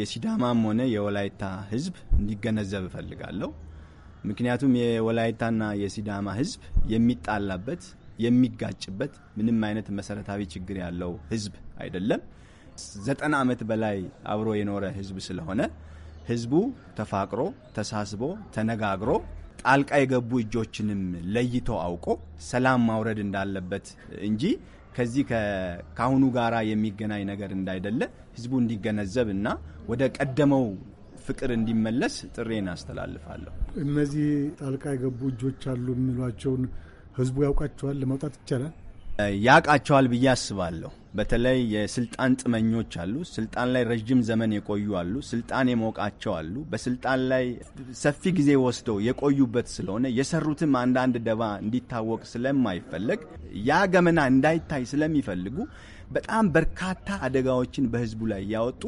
የሲዳማም ሆነ የወላይታ ሕዝብ እንዲገነዘብ እፈልጋለሁ። ምክንያቱም የወላይታና የሲዳማ ሕዝብ የሚጣላበት የሚጋጭበት ምንም አይነት መሰረታዊ ችግር ያለው ህዝብ አይደለም። ዘጠና ዓመት በላይ አብሮ የኖረ ህዝብ ስለሆነ ህዝቡ ተፋቅሮ ተሳስቦ ተነጋግሮ ጣልቃ የገቡ እጆችንም ለይቶ አውቆ ሰላም ማውረድ እንዳለበት እንጂ ከዚህ ከአሁኑ ጋራ የሚገናኝ ነገር እንዳይደለ ህዝቡ እንዲገነዘብ እና ወደ ቀደመው ፍቅር እንዲመለስ ጥሬን አስተላልፋለሁ። እነዚህ ጣልቃ የገቡ እጆች አሉ የሚሏቸውን ህዝቡ ያውቃቸዋል ለመውጣት ይቻላል? ያውቃቸዋል ብዬ አስባለሁ። በተለይ የስልጣን ጥመኞች አሉ። ስልጣን ላይ ረዥም ዘመን የቆዩ አሉ። ስልጣን የሞቃቸው አሉ። በስልጣን ላይ ሰፊ ጊዜ ወስደው የቆዩበት ስለሆነ የሰሩትም አንዳንድ ደባ እንዲታወቅ ስለማይፈለግ ያ ገመና እንዳይታይ ስለሚፈልጉ በጣም በርካታ አደጋዎችን በህዝቡ ላይ ያወጡ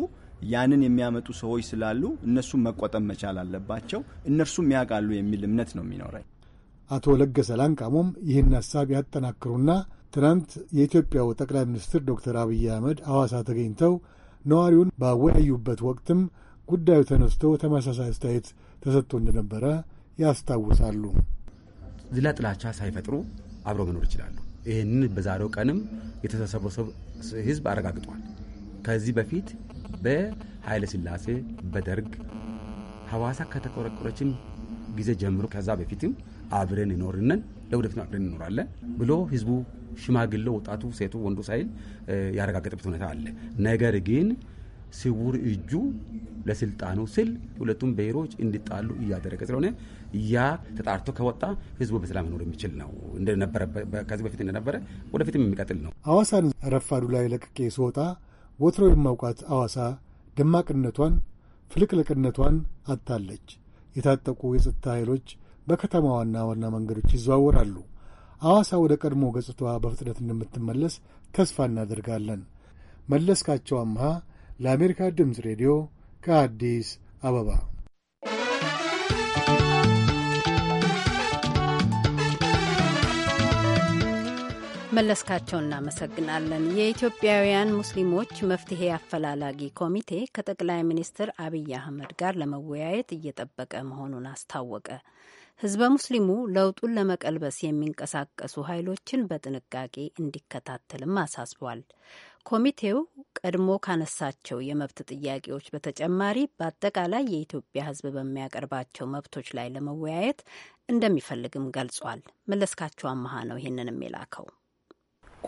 ያንን የሚያመጡ ሰዎች ስላሉ እነሱም መቆጠብ መቻል አለባቸው። እነርሱም ያውቃሉ የሚል እምነት ነው የሚኖረኝ። አቶ ለገሰ ላንቃሞም ይህን ሐሳብ ያጠናክሩና ትናንት የኢትዮጵያው ጠቅላይ ሚኒስትር ዶክተር አብይ አህመድ ሐዋሳ ተገኝተው ነዋሪውን ባወያዩበት ወቅትም ጉዳዩ ተነስቶ ተመሳሳይ አስተያየት ተሰጥቶ እንደነበረ ያስታውሳሉ። ዝላ ጥላቻ ሳይፈጥሩ አብሮ መኖር ይችላሉ። ይህንን በዛሬው ቀንም የተሰበሰበ ህዝብ አረጋግጧል። ከዚህ በፊት በኃይለ ስላሴ በደርግ ሐዋሳ ከተቆረቆረችን ጊዜ ጀምሮ ከዛ በፊትም አብረን ይኖርነን ለወደፊት አብረን እኖራለን ብሎ ህዝቡ ሽማግሌው፣ ወጣቱ፣ ሴቱ፣ ወንዱ ሳይል ያረጋገጠበት ሁኔታ አለ። ነገር ግን ስውር እጁ ለስልጣኑ ስል ሁለቱም ብሔሮች እንዲጣሉ እያደረገ ስለሆነ ያ ተጣርቶ ከወጣ ህዝቡ በሰላም መኖር የሚችል ነው። እንደነበረ ከዚህ በፊት እንደነበረ ወደፊትም የሚቀጥል ነው። አዋሳን ረፋዱ ላይ ለቅቄ ስወጣ ወትሮ የማውቃት አዋሳ ደማቅነቷን ፍልቅልቅነቷን አታለች የታጠቁ የጸጥታ ኃይሎች በከተማ ዋና ዋና መንገዶች ይዘዋወራሉ። አዋሳ ወደ ቀድሞ ገጽታዋ በፍጥነት እንደምትመለስ ተስፋ እናደርጋለን። መለስካቸው አምሃ ለአሜሪካ ድምፅ ሬዲዮ ከአዲስ አበባ። መለስካቸው እናመሰግናለን። የኢትዮጵያውያን ሙስሊሞች መፍትሄ አፈላላጊ ኮሚቴ ከጠቅላይ ሚኒስትር አብይ አህመድ ጋር ለመወያየት እየጠበቀ መሆኑን አስታወቀ። ህዝበ ሙስሊሙ ለውጡን ለመቀልበስ የሚንቀሳቀሱ ኃይሎችን በጥንቃቄ እንዲከታተልም አሳስቧል። ኮሚቴው ቀድሞ ካነሳቸው የመብት ጥያቄዎች በተጨማሪ በአጠቃላይ የኢትዮጵያ ህዝብ በሚያቀርባቸው መብቶች ላይ ለመወያየት እንደሚፈልግም ገልጿል። መለስካቸው አመሃ ነው ይህንንም የላከው።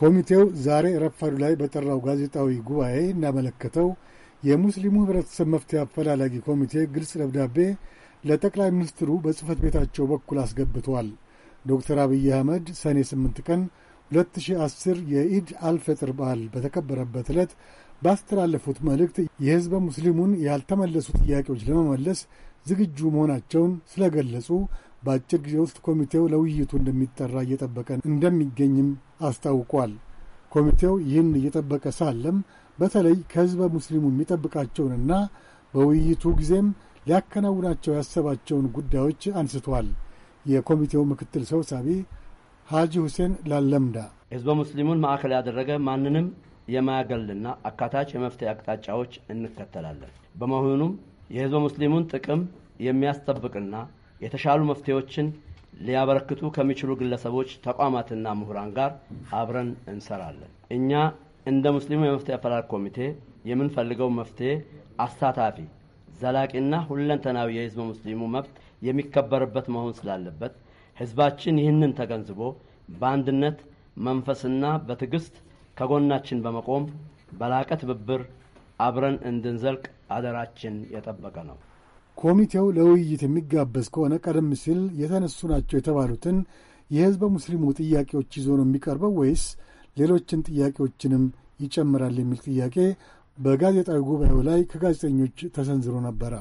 ኮሚቴው ዛሬ ረፋዱ ላይ በጠራው ጋዜጣዊ ጉባኤ እንዳመለከተው የሙስሊሙ ህብረተሰብ መፍትሄ አፈላላጊ ኮሚቴ ግልጽ ደብዳቤ ለጠቅላይ ሚኒስትሩ በጽህፈት ቤታቸው በኩል አስገብተዋል። ዶክተር አብይ አህመድ ሰኔ 8 ቀን 2010 የኢድ አልፈጥር በዓል በተከበረበት ዕለት ባስተላለፉት መልእክት የሕዝበ ሙስሊሙን ያልተመለሱ ጥያቄዎች ለመመለስ ዝግጁ መሆናቸውን ስለገለጹ በአጭር ጊዜ ውስጥ ኮሚቴው ለውይይቱ እንደሚጠራ እየጠበቀ እንደሚገኝም አስታውቋል። ኮሚቴው ይህን እየጠበቀ ሳለም በተለይ ከሕዝበ ሙስሊሙ የሚጠብቃቸውንና በውይይቱ ጊዜም ሊያከናውናቸው ያሰባቸውን ጉዳዮች አንስቷል። የኮሚቴው ምክትል ሰብሳቢ ሐጂ ሁሴን ላለምዳ ህዝበ ሙስሊሙን ማዕከል ያደረገ ማንንም የማያገልና አካታች የመፍትሄ አቅጣጫዎች እንከተላለን። በመሆኑም የህዝበ ሙስሊሙን ጥቅም የሚያስጠብቅና የተሻሉ መፍትሄዎችን ሊያበረክቱ ከሚችሉ ግለሰቦች፣ ተቋማትና ምሁራን ጋር አብረን እንሰራለን። እኛ እንደ ሙስሊሙ የመፍትሄ አፈላላግ ኮሚቴ የምንፈልገው መፍትሄ አሳታፊ ዘላቂና ሁለንተናዊ የህዝብ ሙስሊሙ መብት የሚከበርበት መሆን ስላለበት ህዝባችን ይህንን ተገንዝቦ በአንድነት መንፈስና በትዕግስት ከጎናችን በመቆም በላቀ ትብብር አብረን እንድንዘልቅ አደራችን የጠበቀ ነው። ኮሚቴው ለውይይት የሚጋበዝ ከሆነ ቀደም ሲል የተነሱ ናቸው የተባሉትን የህዝበ ሙስሊሙ ጥያቄዎች ይዞ ነው የሚቀርበው ወይስ ሌሎችን ጥያቄዎችንም ይጨምራል የሚል ጥያቄ በጋዜጣዊ ጉባኤው ላይ ከጋዜጠኞች ተሰንዝሮ ነበረ።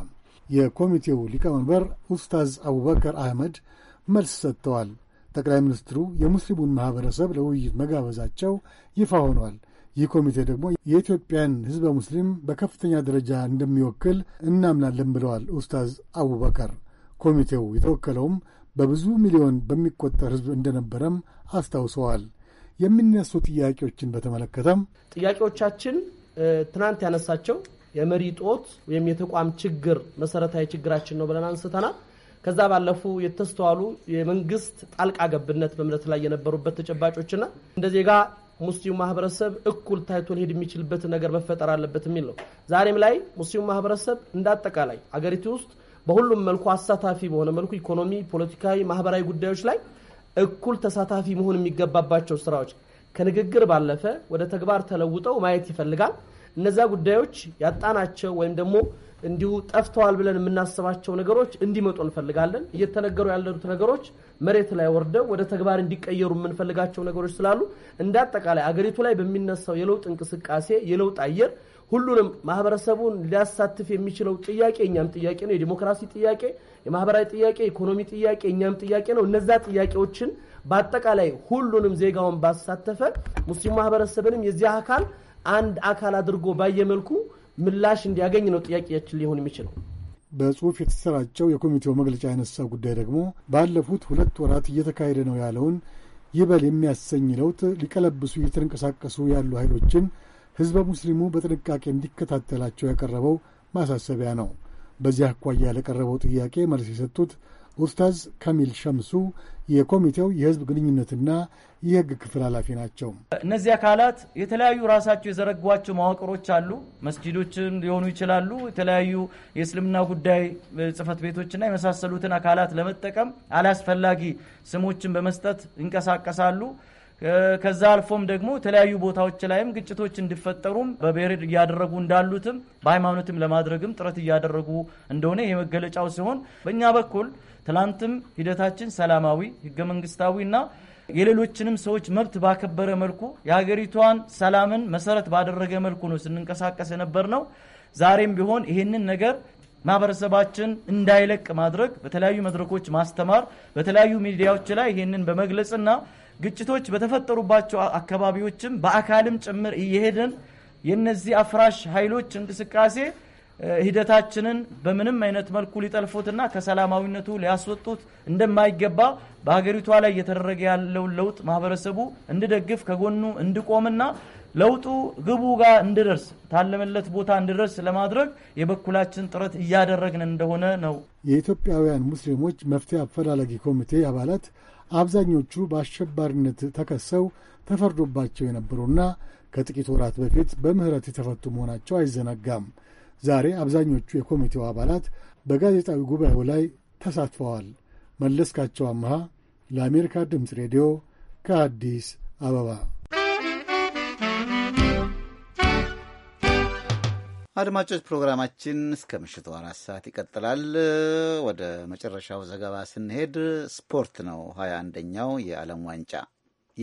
የኮሚቴው ሊቀመንበር ኡስታዝ አቡበከር አህመድ መልስ ሰጥተዋል። ጠቅላይ ሚኒስትሩ የሙስሊሙን ማኅበረሰብ ለውይይት መጋበዛቸው ይፋ ሆኗል። ይህ ኮሚቴ ደግሞ የኢትዮጵያን ሕዝበ ሙስሊም በከፍተኛ ደረጃ እንደሚወክል እናምናለን ብለዋል ኡስታዝ አቡበከር። ኮሚቴው የተወከለውም በብዙ ሚሊዮን በሚቆጠር ሕዝብ እንደነበረም አስታውሰዋል። የሚነሱ ጥያቄዎችን በተመለከተም ጥያቄዎቻችን ትናንት ያነሳቸው የመሪ ጦት ወይም የተቋም ችግር መሰረታዊ ችግራችን ነው ብለን አንስተናል። ከዛ ባለፉ የተስተዋሉ የመንግስት ጣልቃ ገብነት በእምነት ላይ የነበሩበት ተጨባጮችና እንደ ዜጋ ሙስሊሙ ማህበረሰብ እኩል ታይቶ ሊሄድ የሚችልበት ነገር መፈጠር አለበት የሚል ነው። ዛሬም ላይ ሙስሊሙ ማህበረሰብ እንደ አጠቃላይ አገሪቱ ውስጥ በሁሉም መልኩ አሳታፊ በሆነ መልኩ ኢኮኖሚ፣ ፖለቲካዊ፣ ማህበራዊ ጉዳዮች ላይ እኩል ተሳታፊ መሆን የሚገባባቸው ስራዎች ከንግግር ባለፈ ወደ ተግባር ተለውጠው ማየት ይፈልጋል። እነዛ ጉዳዮች ያጣናቸው ወይም ደግሞ እንዲሁ ጠፍተዋል ብለን የምናስባቸው ነገሮች እንዲመጡ እንፈልጋለን። እየተነገሩ ያለሉት ነገሮች መሬት ላይ ወርደው ወደ ተግባር እንዲቀየሩ የምንፈልጋቸው ነገሮች ስላሉ እንደ አጠቃላይ አገሪቱ ላይ በሚነሳው የለውጥ እንቅስቃሴ የለውጥ አየር ሁሉንም ማህበረሰቡን ሊያሳትፍ የሚችለው ጥያቄ እኛም ጥያቄ ነው። የዲሞክራሲ ጥያቄ፣ የማህበራዊ ጥያቄ፣ የኢኮኖሚ ጥያቄ እኛም ጥያቄ ነው። እነዛ ጥያቄዎችን በአጠቃላይ ሁሉንም ዜጋውን ባሳተፈ ሙስሊም ማህበረሰብንም የዚህ አካል አንድ አካል አድርጎ መልኩ ምላሽ እንዲያገኝ ነው ጥያቄያችን ሊሆን የሚችለው። በጽሁፍ የተሰራጨው የኮሚቴው መግለጫ ያነሳ ጉዳይ ደግሞ ባለፉት ሁለት ወራት እየተካሄደ ነው ያለውን ይበል የሚያሰኝ ለውጥ ሊቀለብሱ እየተንቀሳቀሱ ያሉ ኃይሎችን ህዝበ ሙስሊሙ በጥንቃቄ እንዲከታተላቸው ያቀረበው ማሳሰቢያ ነው። በዚህ አኳያ ለቀረበው ጥያቄ መልስ የሰጡት ኡስታዝ ካሚል ሸምሱ የኮሚቴው የህዝብ ግንኙነትና የህግ ክፍል ኃላፊ ናቸው። እነዚህ አካላት የተለያዩ ራሳቸው የዘረጓቸው መዋቅሮች አሉ። መስጂዶችን ሊሆኑ ይችላሉ። የተለያዩ የእስልምና ጉዳይ ጽህፈት ቤቶችና የመሳሰሉትን አካላት ለመጠቀም አላስፈላጊ ስሞችን በመስጠት ይንቀሳቀሳሉ። ከዛ አልፎም ደግሞ የተለያዩ ቦታዎች ላይም ግጭቶች እንዲፈጠሩም በብሔር እያደረጉ እንዳሉትም በሃይማኖትም ለማድረግም ጥረት እያደረጉ እንደሆነ ይህ መገለጫው ሲሆን በእኛ በኩል ትላንትም ሂደታችን ሰላማዊ ህገ መንግስታዊና የሌሎችንም ሰዎች መብት ባከበረ መልኩ የሀገሪቷን ሰላምን መሰረት ባደረገ መልኩ ነው ስንንቀሳቀስ የነበር ነው። ዛሬም ቢሆን ይህንን ነገር ማህበረሰባችን እንዳይለቅ ማድረግ፣ በተለያዩ መድረኮች ማስተማር፣ በተለያዩ ሚዲያዎች ላይ ይህንን በመግለጽና ግጭቶች በተፈጠሩባቸው አካባቢዎችም በአካልም ጭምር እየሄደን የነዚህ አፍራሽ ኃይሎች እንቅስቃሴ ሂደታችንን በምንም አይነት መልኩ ሊጠልፉትና ከሰላማዊነቱ ሊያስወጡት እንደማይገባ በሀገሪቷ ላይ እየተደረገ ያለውን ለውጥ ማህበረሰቡ እንድደግፍ ከጎኑ እንድቆምና ለውጡ ግቡ ጋር እንድደርስ ታለመለት ቦታ እንድደርስ ለማድረግ የበኩላችን ጥረት እያደረግን እንደሆነ ነው። የኢትዮጵያውያን ሙስሊሞች መፍትሄ አፈላላጊ ኮሚቴ አባላት አብዛኞቹ በአሸባሪነት ተከሰው ተፈርዶባቸው የነበሩና ከጥቂት ወራት በፊት በምህረት የተፈቱ መሆናቸው አይዘነጋም። ዛሬ አብዛኞቹ የኮሚቴው አባላት በጋዜጣዊ ጉባኤው ላይ ተሳትፈዋል። መለስካቸው አምሃ ለአሜሪካ ድምፅ ሬዲዮ ከአዲስ አበባ አድማጮች ፕሮግራማችን እስከ ምሽቱ አራት ሰዓት ይቀጥላል። ወደ መጨረሻው ዘገባ ስንሄድ ስፖርት ነው። ሀያ አንደኛው የዓለም ዋንጫ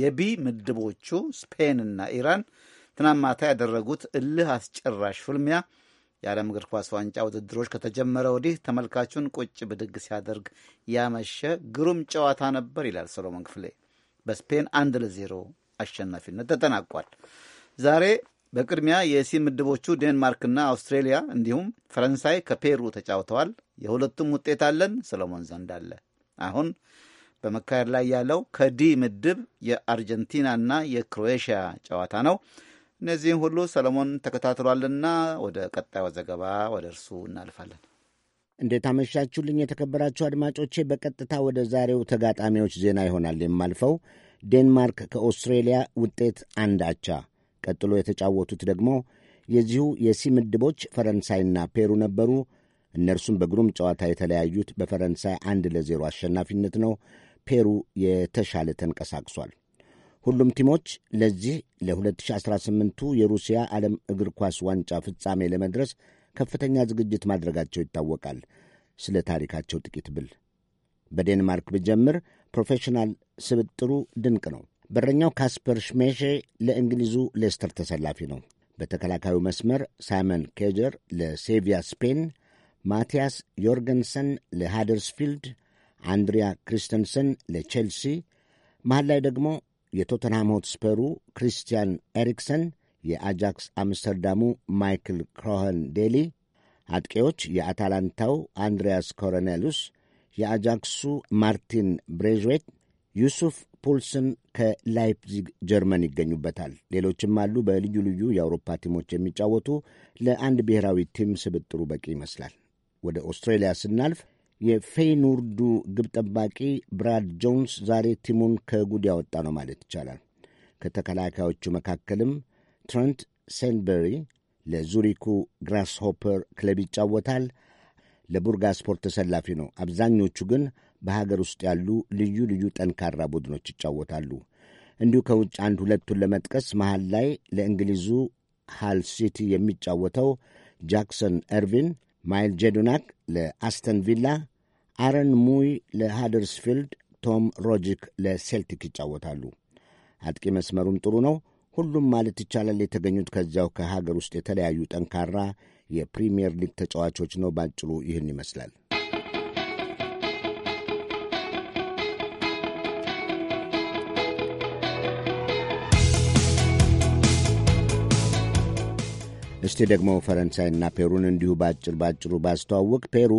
የቢ ምድቦቹ ስፔንና ኢራን ትናንት ማታ ያደረጉት እልህ አስጨራሽ ፍልሚያ የዓለም እግር ኳስ ዋንጫ ውድድሮች ከተጀመረ ወዲህ ተመልካቹን ቁጭ ብድግ ሲያደርግ ያመሸ ግሩም ጨዋታ ነበር ይላል ሰሎሞን ክፍሌ። በስፔን አንድ ለዜሮ አሸናፊነት ተጠናቋል። ዛሬ በቅድሚያ የሲ ምድቦቹ ዴንማርክና አውስትሬሊያ እንዲሁም ፈረንሳይ ከፔሩ ተጫውተዋል። የሁለቱም ውጤት አለን። ሰሎሞን ዘንድ አለ አሁን በመካሄድ ላይ ያለው ከዲ ምድብ የአርጀንቲናና የክሮኤሽያ ጨዋታ ነው። እነዚህም ሁሉ ሰሎሞን ተከታትሏልና ወደ ቀጣዩ ዘገባ ወደ እርሱ እናልፋለን። እንዴት አመሻችሁልኝ የተከበራችሁ አድማጮቼ። በቀጥታ ወደ ዛሬው ተጋጣሚዎች ዜና ይሆናል የማልፈው። ዴንማርክ ከኦስትሬሊያ ውጤት አንድ አቻ ቀጥሎ የተጫወቱት ደግሞ የዚሁ የሲ ምድቦች ፈረንሳይና ፔሩ ነበሩ። እነርሱም በግሩም ጨዋታ የተለያዩት በፈረንሳይ አንድ ለዜሮ አሸናፊነት ነው። ፔሩ የተሻለ ተንቀሳቅሷል። ሁሉም ቲሞች ለዚህ ለ2018ቱ የሩሲያ ዓለም እግር ኳስ ዋንጫ ፍጻሜ ለመድረስ ከፍተኛ ዝግጅት ማድረጋቸው ይታወቃል። ስለ ታሪካቸው ጥቂት ብል በዴንማርክ ብጀምር ፕሮፌሽናል ስብጥሩ ድንቅ ነው። በረኛው ካስፐር ሽሜሼ ለእንግሊዙ ሌስተር ተሰላፊ ነው። በተከላካዩ መስመር ሳይመን ኬጀር ለሴቪያ ስፔን፣ ማቲያስ ዮርገንሰን ለሃደርስፊልድ፣ አንድሪያ ክሪስተንሰን ለቼልሲ፣ መሃል ላይ ደግሞ የቶተንሃም ሆትስፐሩ ክሪስቲያን ኤሪክሰን፣ የአጃክስ አምስተርዳሙ ማይክል ክሮኸን ዴሊ፣ አጥቂዎች የአታላንታው አንድሪያስ ኮረኔሉስ፣ የአጃክሱ ማርቲን ብሬዥዌት፣ ዩሱፍ ፑልስን ከላይፕዚግ ጀርመን ይገኙበታል። ሌሎችም አሉ። በልዩ ልዩ የአውሮፓ ቲሞች የሚጫወቱ ለአንድ ብሔራዊ ቲም ስብጥሩ በቂ ይመስላል። ወደ ኦስትሬሊያ ስናልፍ የፌይኑርዱ ግብ ጠባቂ ብራድ ጆንስ ዛሬ ቲሙን ከጉድ ያወጣ ነው ማለት ይቻላል። ከተከላካዮቹ መካከልም ትረንት ሴንበሪ ለዙሪኩ ግራስሆፐር ክለብ ይጫወታል። ለቡርጋ ስፖርት ተሰላፊ ነው። አብዛኞቹ ግን በሀገር ውስጥ ያሉ ልዩ ልዩ ጠንካራ ቡድኖች ይጫወታሉ። እንዲሁ ከውጭ አንድ ሁለቱን ለመጥቀስ መሃል ላይ ለእንግሊዙ ሃል ሲቲ የሚጫወተው ጃክሰን ኤርቪን፣ ማይል ጄዱናክ ለአስተን ቪላ፣ አረን ሙይ ለሃደርስፊልድ፣ ቶም ሮጂክ ለሴልቲክ ይጫወታሉ። አጥቂ መስመሩም ጥሩ ነው። ሁሉም ማለት ይቻላል የተገኙት ከዚያው ከሀገር ውስጥ የተለያዩ ጠንካራ የፕሪምየር ሊግ ተጫዋቾች ነው። ባጭሩ ይህን ይመስላል። እስቲ ደግሞ ፈረንሳይና ፔሩን እንዲሁ በአጭር ባጭሩ ባስተዋውቅ። ፔሩ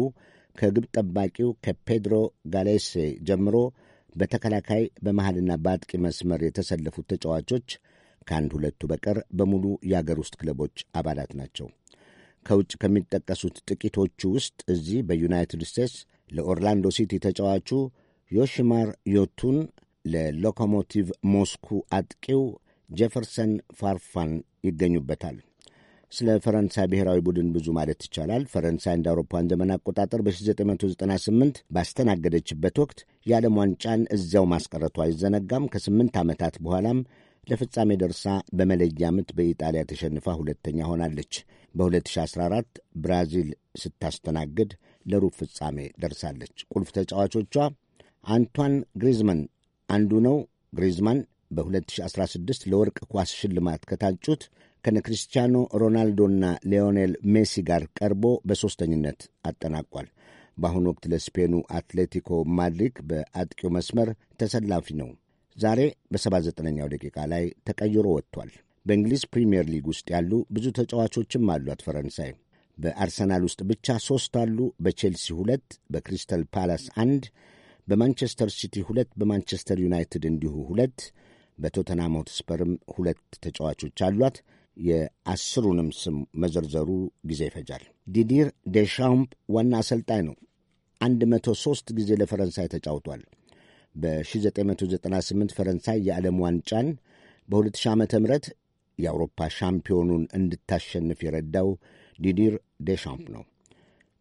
ከግብ ጠባቂው ከፔድሮ ጋሌሴ ጀምሮ በተከላካይ በመሃልና በአጥቂ መስመር የተሰለፉት ተጫዋቾች ከአንድ ሁለቱ በቀር በሙሉ የአገር ውስጥ ክለቦች አባላት ናቸው። ከውጭ ከሚጠቀሱት ጥቂቶቹ ውስጥ እዚህ በዩናይትድ ስቴትስ ለኦርላንዶ ሲቲ ተጫዋቹ ዮሽማር ዮቱን፣ ለሎኮሞቲቭ ሞስኩ አጥቂው ጄፈርሰን ፋርፋን ይገኙበታል። ስለ ፈረንሳይ ብሔራዊ ቡድን ብዙ ማለት ይቻላል። ፈረንሳይ እንደ አውሮፓን ዘመን አቆጣጠር በ1998 ባስተናገደችበት ወቅት የዓለም ዋንጫን እዚያው ማስቀረቱ አይዘነጋም። ከስምንት ዓመታት በኋላም ለፍጻሜ ደርሳ በመለያ ምት በኢጣሊያ ተሸንፋ ሁለተኛ ሆናለች። በ2014 ብራዚል ስታስተናግድ ለሩብ ፍጻሜ ደርሳለች። ቁልፍ ተጫዋቾቿ አንቷን ግሪዝማን አንዱ ነው። ግሪዝማን በ2016 ለወርቅ ኳስ ሽልማት ከታጩት ከነክሪስቲያኖ ሮናልዶና ሊዮኔል ሜሲ ጋር ቀርቦ በሦስተኝነት አጠናቋል። በአሁኑ ወቅት ለስፔኑ አትሌቲኮ ማድሪድ በአጥቂው መስመር ተሰላፊ ነው። ዛሬ በ79ኛው ደቂቃ ላይ ተቀይሮ ወጥቷል። በእንግሊዝ ፕሪምየር ሊግ ውስጥ ያሉ ብዙ ተጫዋቾችም አሏት ፈረንሳይ። በአርሰናል ውስጥ ብቻ ሦስት አሉ። በቼልሲ ሁለት፣ በክሪስተል ፓላስ አንድ፣ በማንቸስተር ሲቲ ሁለት፣ በማንቸስተር ዩናይትድ እንዲሁ ሁለት፣ በቶተናም ሆትስፐርም ሁለት ተጫዋቾች አሏት። የአስሩንም ስም መዘርዘሩ ጊዜ ይፈጃል። ዲዲር ዴሻምፕ ዋና አሰልጣኝ ነው። 103 ጊዜ ለፈረንሳይ ተጫውቷል። በ1998 ፈረንሳይ የዓለም ዋንጫን በ2000 ዓ ም የአውሮፓ ሻምፒዮኑን እንድታሸንፍ የረዳው ዲዲር ዴሻምፕ ነው።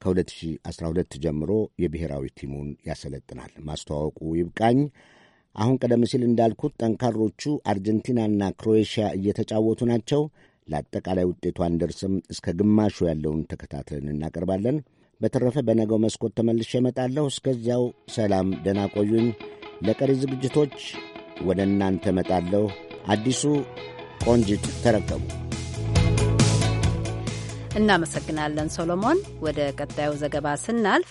ከ2012 ጀምሮ የብሔራዊ ቲሙን ያሰለጥናል። ማስተዋወቁ ይብቃኝ። አሁን ቀደም ሲል እንዳልኩት ጠንካሮቹ አርጀንቲናና ክሮኤሽያ እየተጫወቱ ናቸው። ለአጠቃላይ ውጤቷ አንደርስም። እስከ ግማሹ ያለውን ተከታትለን እናቀርባለን። በተረፈ በነገው መስኮት ተመልሼ እመጣለሁ። እስከዚያው ሰላም፣ ደህና ቆዩኝ። ለቀሪ ዝግጅቶች ወደ እናንተ እመጣለሁ። አዲሱ ቆንጅት ተረከቡ። እናመሰግናለን ሶሎሞን። ወደ ቀጣዩ ዘገባ ስናልፍ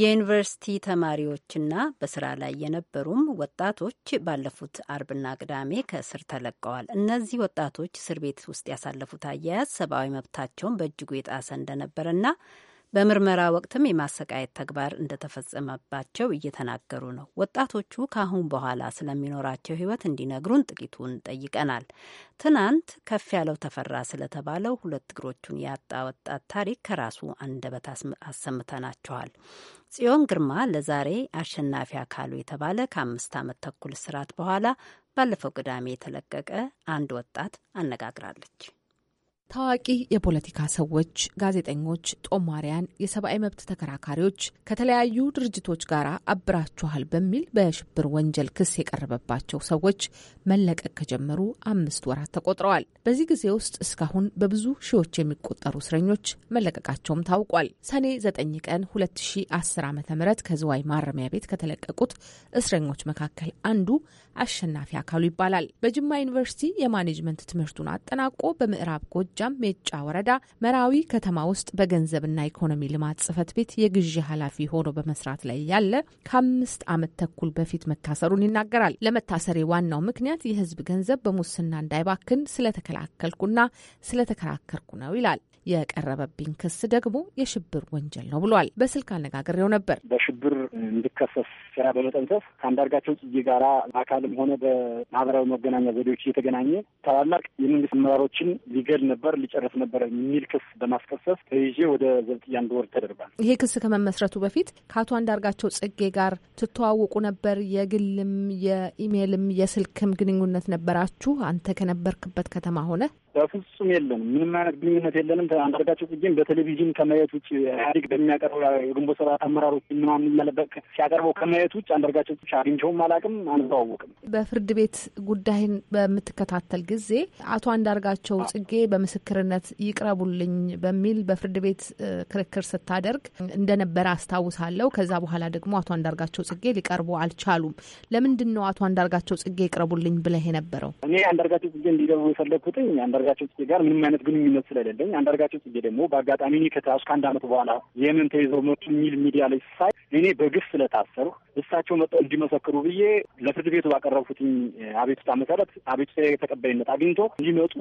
የዩኒቨርሲቲ ተማሪዎችና በስራ ላይ የነበሩም ወጣቶች ባለፉት አርብና ቅዳሜ ከእስር ተለቀዋል። እነዚህ ወጣቶች እስር ቤት ውስጥ ያሳለፉት አያያዝ ሰብአዊ መብታቸውን በእጅጉ የጣሰ እንደነበረና በምርመራ ወቅትም የማሰቃየት ተግባር እንደተፈጸመባቸው እየተናገሩ ነው። ወጣቶቹ ከአሁን በኋላ ስለሚኖራቸው ሕይወት እንዲነግሩን ጥቂቱን ጠይቀናል። ትናንት ከፍ ያለው ተፈራ ስለተባለው ሁለት እግሮቹን ያጣ ወጣት ታሪክ ከራሱ አንደበት አሰምተናቸዋል። ጽዮን ግርማ ለዛሬ አሸናፊ አካሉ የተባለ ከአምስት ዓመት ተኩል እስራት በኋላ ባለፈው ቅዳሜ የተለቀቀ አንድ ወጣት አነጋግራለች። ታዋቂ የፖለቲካ ሰዎች፣ ጋዜጠኞች፣ ጦማሪያን፣ የሰብአዊ መብት ተከራካሪዎች ከተለያዩ ድርጅቶች ጋር አብራችኋል በሚል በሽብር ወንጀል ክስ የቀረበባቸው ሰዎች መለቀቅ ከጀመሩ አምስት ወራት ተቆጥረዋል። በዚህ ጊዜ ውስጥ እስካሁን በብዙ ሺዎች የሚቆጠሩ እስረኞች መለቀቃቸውም ታውቋል። ሰኔ 9 ቀን 2010 ዓ ም ከዝዋይ ማረሚያ ቤት ከተለቀቁት እስረኞች መካከል አንዱ አሸናፊ አካሉ ይባላል። በጅማ ዩኒቨርሲቲ የማኔጅመንት ትምህርቱን አጠናቆ በምዕራብ ጎጃም ሜጫ ወረዳ መራዊ ከተማ ውስጥ በገንዘብና ኢኮኖሚ ልማት ጽህፈት ቤት የግዢ ኃላፊ ሆኖ በመስራት ላይ ያለ ከአምስት ዓመት ተኩል በፊት መታሰሩን ይናገራል። ለመታሰሬ ዋናው ምክንያት የህዝብ ገንዘብ በሙስና እንዳይባክን ስለተከላከልኩና ስለተከራከርኩ ነው ይላል። የቀረበብኝ ክስ ደግሞ የሽብር ወንጀል ነው ብሏል። በስልክ አነጋግሬው ነበር። በሽብር እንድከሰስ ስራ በመጠንሰስ ከአንዳርጋቸው ጽጌ ጋራ አካልም ሆነ በማህበራዊ መገናኛ ዘዴዎች እየተገናኘ ታላላቅ የመንግስት አመራሮችን ሊገል ነበር፣ ሊጨርስ ነበር የሚል ክስ በማስከሰስ ተይዤ ወደ ዘብጥያ እንድወርድ ተደርጓል። ይሄ ክስ ከመመስረቱ በፊት ከአቶ አንዳርጋቸው ጽጌ ጋር ትተዋወቁ ነበር? የግልም የኢሜልም የስልክም ግንኙነት ነበራችሁ? አንተ ከነበርክበት ከተማ ሆነ በፍጹም የለንም። ምንም አይነት ግንኙነት የለንም። አንዳርጋቸው ጽጌን በቴሌቪዥን ከማየት ውጭ ኢህአዴግ በሚያቀርበው የግንቦት ሰባት አመራሮች ምናምን ሲያቀርበው ከማየት ውጭ አንዳርጋቸው ጽጌ አግኝቼውም አላውቅም፣ አንተዋወቅም። በፍርድ ቤት ጉዳይን በምትከታተል ጊዜ አቶ አንዳርጋቸው ጽጌ በምስክርነት ይቅረቡልኝ በሚል በፍርድ ቤት ክርክር ስታደርግ እንደነበረ አስታውሳለሁ። ከዛ በኋላ ደግሞ አቶ አንዳርጋቸው ጽጌ ሊቀርቡ አልቻሉም። ለምንድን ነው አቶ አንዳርጋቸው ጽጌ ይቅረቡልኝ ብለህ የነበረው? እኔ አንዳርጋቸው ጽጌ እንዲቀርቡ የፈለግኩትኝ አንዳርጋቸው ጽጌ ጋር ምንም አይነት ግንኙነት ስለሌለኝ አንዳርጋቸው ጽጌ ደግሞ በአጋጣሚ እኔ ከተያዙ ከአንድ አመት በኋላ የምን ተይዞ መቱ የሚል ሚዲያ ላይ ሳይ እኔ በግፍ ስለታሰሩ እሳቸው መጥተው እንዲመሰክሩ ብዬ ለፍርድ ቤቱ ባቀረብኩትኝ አቤቱታ መሰረት አቤቱታ የተቀባይነት አግኝቶ እንዲመጡ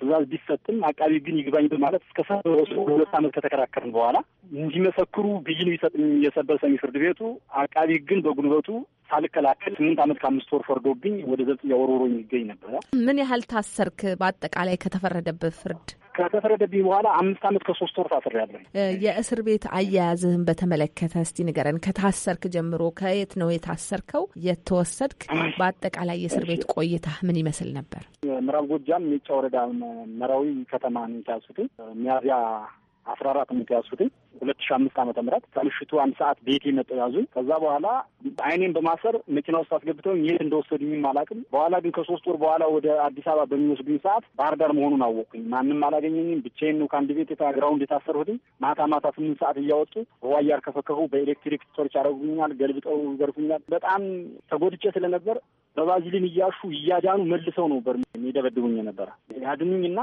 ትእዛዝ ቢሰጥም አቃቢ ግን ይግባኝ በማለት እስከ ሰበሱ ሁለት አመት ከተከራከርን በኋላ እንዲመሰክሩ ብይን ቢሰጥ የሰበር ሰሚ ፍርድ ቤቱ አቃቢ ግን በጉልበቱ ሳልከላከል ስምንት አመት ከአምስት ወር ፈርዶብኝ ወደ ዘብጥያ ወርውሮ የሚገኝ ነበረ። ምን ያህል ታሰርክ? በአጠቃላይ ከተፈረደብህ ፍርድ ከተፈረደብኝ በኋላ አምስት ዓመት ከሶስት ወር ታስሬያለሁ። የእስር ቤት አያያዝህን በተመለከተ እስቲ ንገረን። ከታሰርክ ጀምሮ ከየት ነው የታሰርከው? የተወሰድክ በአጠቃላይ የእስር ቤት ቆይታ ምን ይመስል ነበር? ምዕራብ ጎጃም ሜጫ ወረዳ መራዊ ከተማ ነው የታስኩት ሚያዝያ አስራ አራት ነው የተያዝኩት ሁለት ሺ አምስት ዓመተ ምህረት ከምሽቱ አንድ ሰዓት ቤቴ መጠው ያዙኝ። ከዛ በኋላ አይኔን በማሰር መኪና ውስጥ አስገብተውኝ የት እንደወሰዱኝም አላውቅም። በኋላ ግን ከሶስት ወር በኋላ ወደ አዲስ አበባ በሚወስዱኝ ሰዓት ባህር ዳር መሆኑን አወቅኩኝ። ማንም አላገኘኝም። ብቻዬን ነው ከአንድ ቤት ግራውንድ የታሰርሁትኝ። ማታ ማታ ስምንት ሰዓት እያወጡ በዋያር ከፈከፉ በኤሌክትሪክ ቶርች አረጉኛል። ገልብጠው ይገርፉኛል። በጣም ተጎድቼ ስለነበር በባዚሊን እያሹ እያዳኑ መልሰው ነው በር የደበድቡኝ ነበረ ያድኑኝና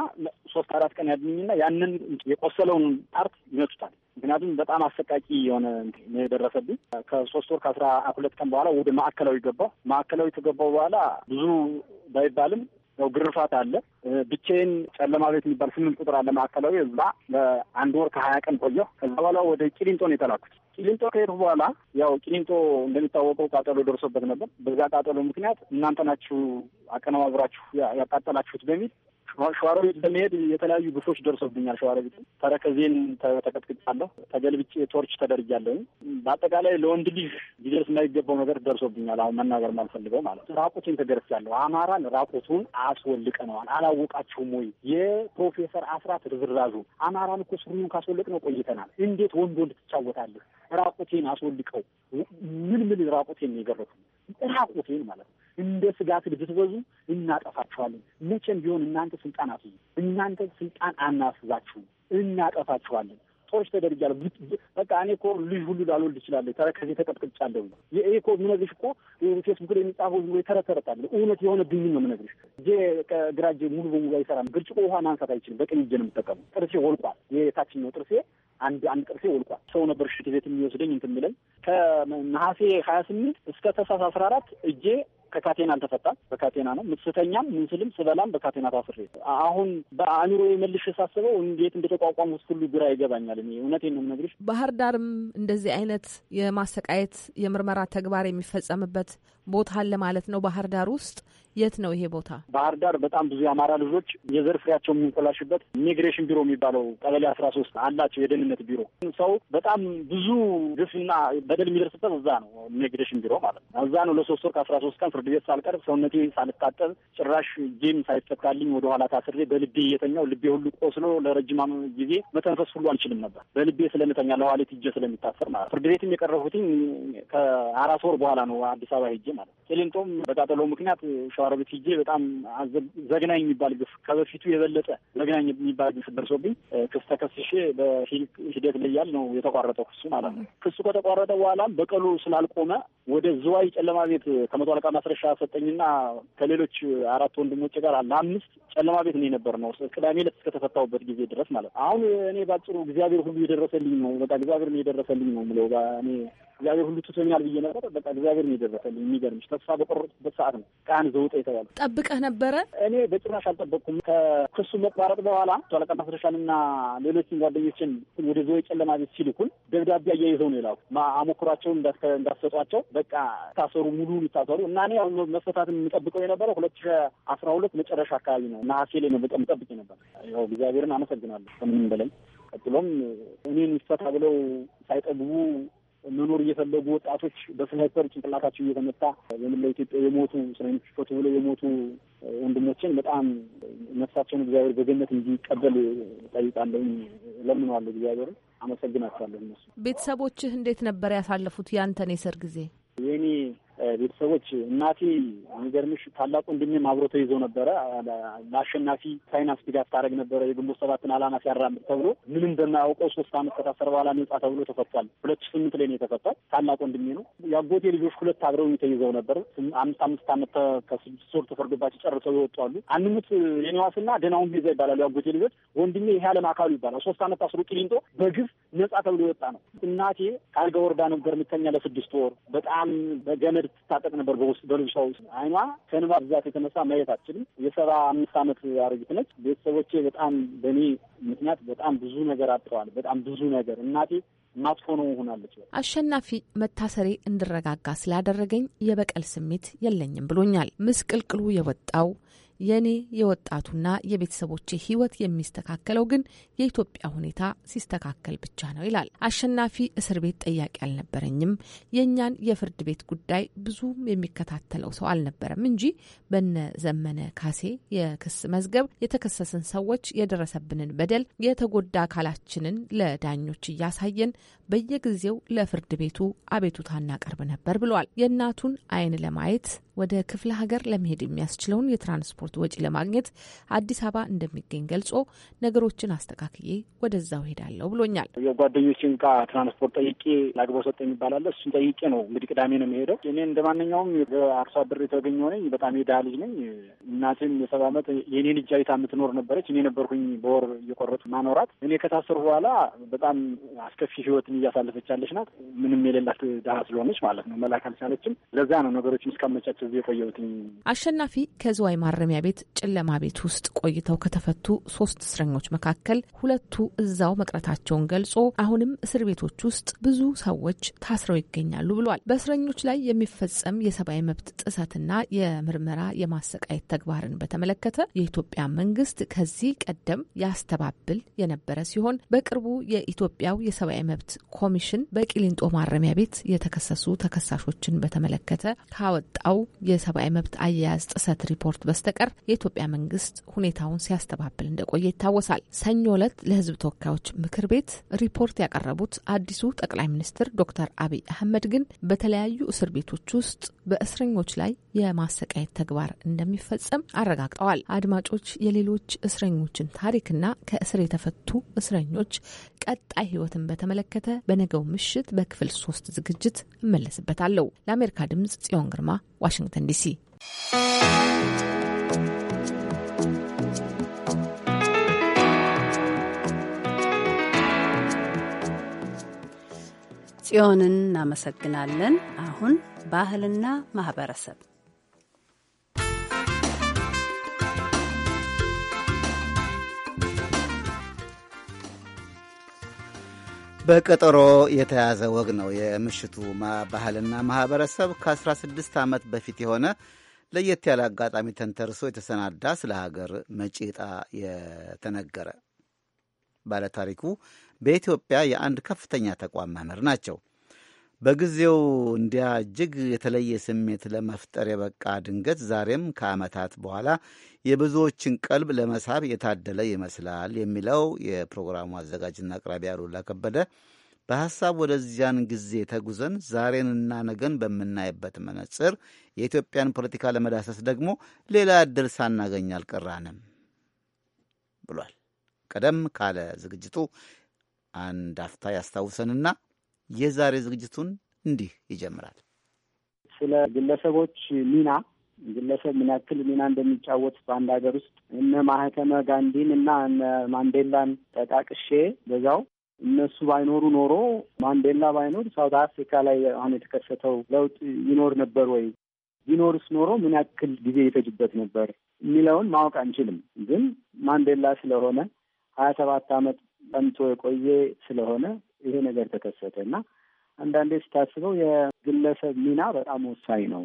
ሶስት አራት ቀን ያድኑኝና ያንን የቆሰለውን ፓርት ይመቱታል። ምክንያቱም በጣም አሰቃቂ የሆነ የደረሰብኝ ከሶስት ወር ከአስራ ሁለት ቀን በኋላ ወደ ማዕከላዊ ገባሁ። ማዕከላዊ ከገባሁ በኋላ ብዙ ባይባልም ያው ግርፋት አለ። ብቼን ጨለማ ቤት የሚባል ስምንት ቁጥር አለ ማዕከላዊ። እዛ ለአንድ ወር ከሀያ ቀን ቆየሁ። ከዛ በኋላ ወደ ቂሊንጦ ነው የተላኩት። ቂሊንጦ ከሄድኩ በኋላ ያው ቂሊንጦ እንደሚታወቀው ቃጠሎ ደርሶበት ነበር። በዛ ቃጠሎ ምክንያት እናንተ ናችሁ አቀነባብራችሁ ያቃጠላችሁት በሚል ሸዋሮቢት በመሄድ የተለያዩ ግፎች ደርሶብኛል። ሸዋሮቢት ተረከዜን ተቀጥቅጫለሁ፣ ተገልብጬ ቶርች ተደርጃለሁ። በአጠቃላይ ለወንድ ልጅ ሊደርስ የማይገባው ነገር ደርሶብኛል። አሁን መናገር ማልፈልገው ማለት ራቁቴን ተገርፌያለሁ። አማራን ራቁቱን አስወልቀነዋል። አላወቃችሁም ወይ? የፕሮፌሰር አስራት ርዝራዡ አማራን እኮ ሱሪውን ካስወለቅነው ቆይተናል። እንዴት ወንድ ወንድ ትጫወታለህ? ራቁቴን አስወልቀው ምን ምን ራቁቴን የገረፉ ራቁቴን ማለት ነው እንደ ስጋት ብትበዙ እናጠፋችኋለን። መቼም ቢሆን እናንተ ስልጣን አትይዙ፣ እናንተ ስልጣን አናስዛችሁም፣ እናጠፋችኋለን። ጦሮች ተደርጃለሁ። በቃ እኔ እኮ ልጅ ሁሉ ላልወልድ እችላለሁ። ተረ ከዚህ ተቀጥቅጫለሁ። ይሄ እኮ ምነግርሽ እኮ ፌስቡክ ላይ የሚጻፈው ዝም ብሎ የተረተረታለ እውነት የሆነ ብኝ ነው ምነግርሽ። እጄ ግራ እጄ ሙሉ በሙሉ አይሰራም። ብርጭቆ ውሃ ማንሳት አይችልም። በቀኝ እጄ ነው የምጠቀመው። ጥርሴ ወልቋል። የታችኛው ጥርሴ አንድ አንድ ጥርሴ ወልቋል። ሰው ነበር ሽት ቤት የሚወስደኝ እንትን የሚለኝ ከነሐሴ ሀያ ስምንት እስከ ተሳስ አስራ አራት እጄ ከካቴና አልተፈታም፣ በካቴና ነው ምስተኛም ምንስልም ስበላም በካቴና ታስሬ አሁን በአእምሮ የመልሽ ሳስበው እንዴት እንደተቋቋሙ ውስጥ ሁሉ ግራ ይገባኛል። እውነቴን ነው የምነግርሽ። ባህር ዳርም እንደዚህ አይነት የማሰቃየት የምርመራ ተግባር የሚፈጸምበት ቦታ አለ ማለት ነው። ባህር ዳር ውስጥ የት ነው ይሄ ቦታ? ባህር ዳር በጣም ብዙ የአማራ ልጆች የዘር ፍሬያቸው የሚንኮላሽበት ኢሚግሬሽን ቢሮ የሚባለው ቀበሌ አስራ ሶስት አላቸው የደህንነት ቢሮ። ሰው በጣም ብዙ ግፍና በደል የሚደርስበት እዛ ነው፣ ኢሚግሬሽን ቢሮ ማለት ነው። እዛ ነው ለሶስት ወር ከአስራ ሶስት ቀን ፍርድ ቤት ሳልቀርብ ሰውነቴ ሳልታጠብ ጭራሽ እጄም ሳይፈታልኝ ኋላ ታስሬ በልቤ እየተኛው ልቤ ሁሉ ቆስሎ ለረጅም ጊዜ መተንፈስ ሁሉ አልችልም ነበር። በልቤ ስለምተኛ ለኋላ እጄ ስለሚታሰር ማለት ፍርድ ቤትም የቀረብኩትኝ ከአራት ወር በኋላ ነው አዲስ አበባ ሄጄ ማለት ቂሊንጦም በቃጠሎ ምክንያት ሸዋሮ ቤት ሄጄ በጣም ዘግናኝ የሚባል ግፍ ከበፊቱ የበለጠ ዘግናኝ የሚባል ግፍ ደርሶብኝ ክስ ተከስሼ በፊልክ ሂደት ላይ ነው የተቋረጠው ክሱ ማለት ነው። ክሱ ከተቋረጠ በኋላም በቀሉ ስላልቆመ ወደ ዝዋይ ጨለማ ቤት ከመቶ አለቃ ማስረ መጨረሻ ሰጠኝና ከሌሎች አራት ወንድሞች ጋር ለአምስት ጨለማ ቤት ነው የነበር ነው ቅዳሜ ዕለት እስከተፈታሁበት ጊዜ ድረስ ማለት ነው። አሁን እኔ ባጭሩ እግዚአብሔር ሁሉ የደረሰልኝ ነው። በቃ እግዚአብሔር የደረሰልኝ ነው ምለው እኔ እግዚአብሔር ሁሉ ትቶኛል ብዬ ነበር። በቃ እግዚአብሔር ነው የደረሰልኝ። የሚገርምሽ ተስፋ በቆረጥኩበት ሰዓት ነው ቃን ዘውጥ የተባለ። ጠብቀህ ነበረ? እኔ በጭራሽ አልጠበቅኩም። ከክሱ መቋረጥ በኋላ ማስረሻን ማስረሻንና ሌሎችን ጓደኞችን ወደ ዘወይ ጨለማ ቤት ሲልኩን ደብዳቤ አያይዘው ነው ይላሉ አሞክሯቸውን እንዳሰጧቸው በቃ ታሰሩ፣ ሙሉ ታሰሩ እና እኔ መፈታትን የምጠብቀው የነበረው ሁለት ሺ አስራ ሁለት መጨረሻ አካባቢ ነው ነሐሴ ላይ ነው በጣም ጠብቄ ነበር። ይኸው እግዚአብሔርን አመሰግናለሁ ከምንም በላይ ቀጥሎም እኔን ይፈታ ብለው ሳይጠግቡ መኖር እየፈለጉ ወጣቶች በስናይፐር ጭንቅላታቸው እየተመታ ወይም ለኢትዮጵያ የሞቱ ፎቶ ብለው የሞቱ ወንድሞችን በጣም ነፍሳቸውን እግዚአብሔር በገነት እንዲቀበል ጠይቃለሁ፣ ለምነዋለሁ። እግዚአብሔር አመሰግናቸዋለሁ። እነሱ ቤተሰቦችህ እንዴት ነበር ያሳለፉት ያንተን የእስር ጊዜ? የኔ ቤተሰቦች እናቴ የሚገርምሽ ታላቅ ወንድሜም አብሮ ተይዞ ነበረ። ለአሸናፊ ፋይናንስ ድጋፍ ታደረግ ነበረ። የግንቦት ሰባትን ዓላማ ሲያራምድ ተብሎ ምንም በማያውቀው ሶስት ዓመት ከታሰረ በኋላ ነጻ ተብሎ ተፈቷል። ሁለት ሺህ ስምንት ላይ ነው የተፈቷል። ታላቅ ወንድሜ ነው። የአጎቴ ልጆች ሁለት አብረው ተይዘው ነበር። አምስት አምስት ዓመት ከስድስት ወር ተፈርዶባቸው ጨርሰው ይወጧሉ። አሉ። አንሙት የኒዋስና ደናውን ቤዛ ይባላሉ የአጎቴ ልጆች። ወንድሜ ይሄ አለም አካሉ ይባላል። ሶስት ዓመት ታስሮ ቂሊንጦ በግፍ ነጻ ተብሎ የወጣ ነው። እናቴ ካልጋ ወርዳ ነበር ምተኛ ለስድስት ወር በጣም በገመድ ስታጠቅ ነበር በውስጥ በልብሷ ውስጥ አይኗ ከንባ ብዛት የተነሳ ማየት አችልም። የሰባ አምስት ዓመት አሮጊት ነች። ቤተሰቦቼ በጣም በእኔ ምክንያት በጣም ብዙ ነገር አጥተዋል። በጣም ብዙ ነገር እናቴ ነው ሆናለች። አሸናፊ መታሰሬ እንድረጋጋ ስላደረገኝ የበቀል ስሜት የለኝም ብሎኛል። ምስቅልቅሉ የወጣው የኔ የወጣቱና የቤተሰቦቼ ህይወት የሚስተካከለው ግን የኢትዮጵያ ሁኔታ ሲስተካከል ብቻ ነው ይላል። አሸናፊ እስር ቤት ጠያቂ አልነበረኝም። የእኛን የፍርድ ቤት ጉዳይ ብዙም የሚከታተለው ሰው አልነበረም እንጂ በነ ዘመነ ካሴ የክስ መዝገብ የተከሰስን ሰዎች የደረሰብንን በደል የተጎዳ አካላችንን ለዳኞች እያሳየን በየጊዜው ለፍርድ ቤቱ አቤቱታ እናቀርብ ነበር ብለዋል። የእናቱን አይን ለማየት ወደ ክፍለ ሀገር ለመሄድ የሚያስችለውን የትራንስፖርት ወጪ ለማግኘት አዲስ አበባ እንደሚገኝ ገልጾ ነገሮችን አስተካክዬ ወደዛው ሄዳለሁ ብሎኛል። የጓደኞችን እቃ ትራንስፖርት ጠይቄ ላግበ ሰጠ የሚባላለ እሱን ጠይቄ ነው እንግዲህ ቅዳሜ ነው የሚሄደው። እኔ እንደ ማንኛውም አርሶ አደር የተገኘ ነኝ። በጣም የድሃ ልጅ ነኝ። እናቴም የሰባ ዓመት የኔን ልጅ የምትኖር ነበረች። እኔ ነበርኩኝ በወር እየቆረጡ ማኖራት። እኔ ከታሰሩ በኋላ በጣም አስከፊ ህይወትን እያሳለፈች ያለች ናት። ምንም የሌላት ድሀ ስለሆነች ማለት ነው መላክ አልቻለችም። ለዛ ነው ነገሮችን እስካመቻቸው ጊዜ የቆየሁትኝ። አሸናፊ ከዝዋይ ማረሚያ ቤት ጨለማ ቤት ውስጥ ቆይተው ከተፈቱ ሶስት እስረኞች መካከል ሁለቱ እዛው መቅረታቸውን ገልጾ አሁንም እስር ቤቶች ውስጥ ብዙ ሰዎች ታስረው ይገኛሉ ብሏል። በእስረኞች ላይ የሚፈጸም የሰብአዊ መብት ጥሰትና የምርመራ የማሰቃየት ተግባርን በተመለከተ የኢትዮጵያ መንግስት ከዚህ ቀደም ያስተባብል የነበረ ሲሆን በቅርቡ የኢትዮጵያው የሰብአዊ መብት ኮሚሽን በቂሊንጦ ማረሚያ ቤት የተከሰሱ ተከሳሾችን በተመለከተ ካወጣው የሰብአዊ መብት አያያዝ ጥሰት ሪፖርት በስተቀር የኢትዮጵያ መንግስት ሁኔታውን ሲያስተባብል እንደቆየ ይታወሳል። ሰኞ ዕለት ለህዝብ ተወካዮች ምክር ቤት ሪፖርት ያቀረቡት አዲሱ ጠቅላይ ሚኒስትር ዶክተር አብይ አህመድ ግን በተለያዩ እስር ቤቶች ውስጥ በእስረኞች ላይ የማሰቃየት ተግባር እንደሚፈጸም አረጋግጠዋል። አድማጮች የሌሎች እስረኞችን ታሪክና ከእስር የተፈቱ እስረኞች ቀጣይ ሕይወትን በተመለከተ በነገው ምሽት በክፍል ሶስት ዝግጅት እመለስበታለሁ። ለአሜሪካ ድምጽ ጽዮን ግርማ ዋሽንግተን ዲሲ። ጽዮንን እናመሰግናለን። አሁን ባህልና ማህበረሰብ በቀጠሮ የተያዘ ወግ ነው። የምሽቱ ባህልና ማህበረሰብ ከ16 ዓመት በፊት የሆነ ለየት ያለ አጋጣሚ ተንተርሶ የተሰናዳ ስለ ሀገር መጪ ዕጣ የተነገረ ባለታሪኩ በኢትዮጵያ የአንድ ከፍተኛ ተቋም መምህር ናቸው። በጊዜው እንዲያ እጅግ የተለየ ስሜት ለመፍጠር የበቃ ድንገት ዛሬም ከዓመታት በኋላ የብዙዎችን ቀልብ ለመሳብ የታደለ ይመስላል የሚለው የፕሮግራሙ አዘጋጅና አቅራቢ አሉላ ከበደ በሐሳብ ወደዚያን ጊዜ ተጉዘን ዛሬንና ነገን በምናይበት መነጽር የኢትዮጵያን ፖለቲካ ለመዳሰስ ደግሞ ሌላ ዕድል ሳናገኝ አልቀራንም ብሏል። ቀደም ካለ ዝግጅቱ አንድ አፍታ ያስታውሰንና የዛሬ ዝግጅቱን እንዲህ ይጀምራል። ስለ ግለሰቦች ሚና ግለሰብ ምን ያክል ሚና እንደሚጫወት በአንድ ሀገር ውስጥ እነ ማህተመ ጋንዲን እና እነ ማንዴላን ጠቃቅሼ በዛው እነሱ ባይኖሩ ኖሮ ማንዴላ ባይኖር ሳውት አፍሪካ ላይ አሁን የተከሰተው ለውጥ ይኖር ነበር ወይ? ቢኖርስ ኖሮ ምን ያክል ጊዜ የተጅበት ነበር የሚለውን ማወቅ አንችልም። ግን ማንዴላ ስለሆነ ሀያ ሰባት አመት ጠምቶ የቆየ ስለሆነ ይሄ ነገር ተከሰተ እና አንዳንዴ ስታስበው የግለሰብ ሚና በጣም ወሳኝ ነው።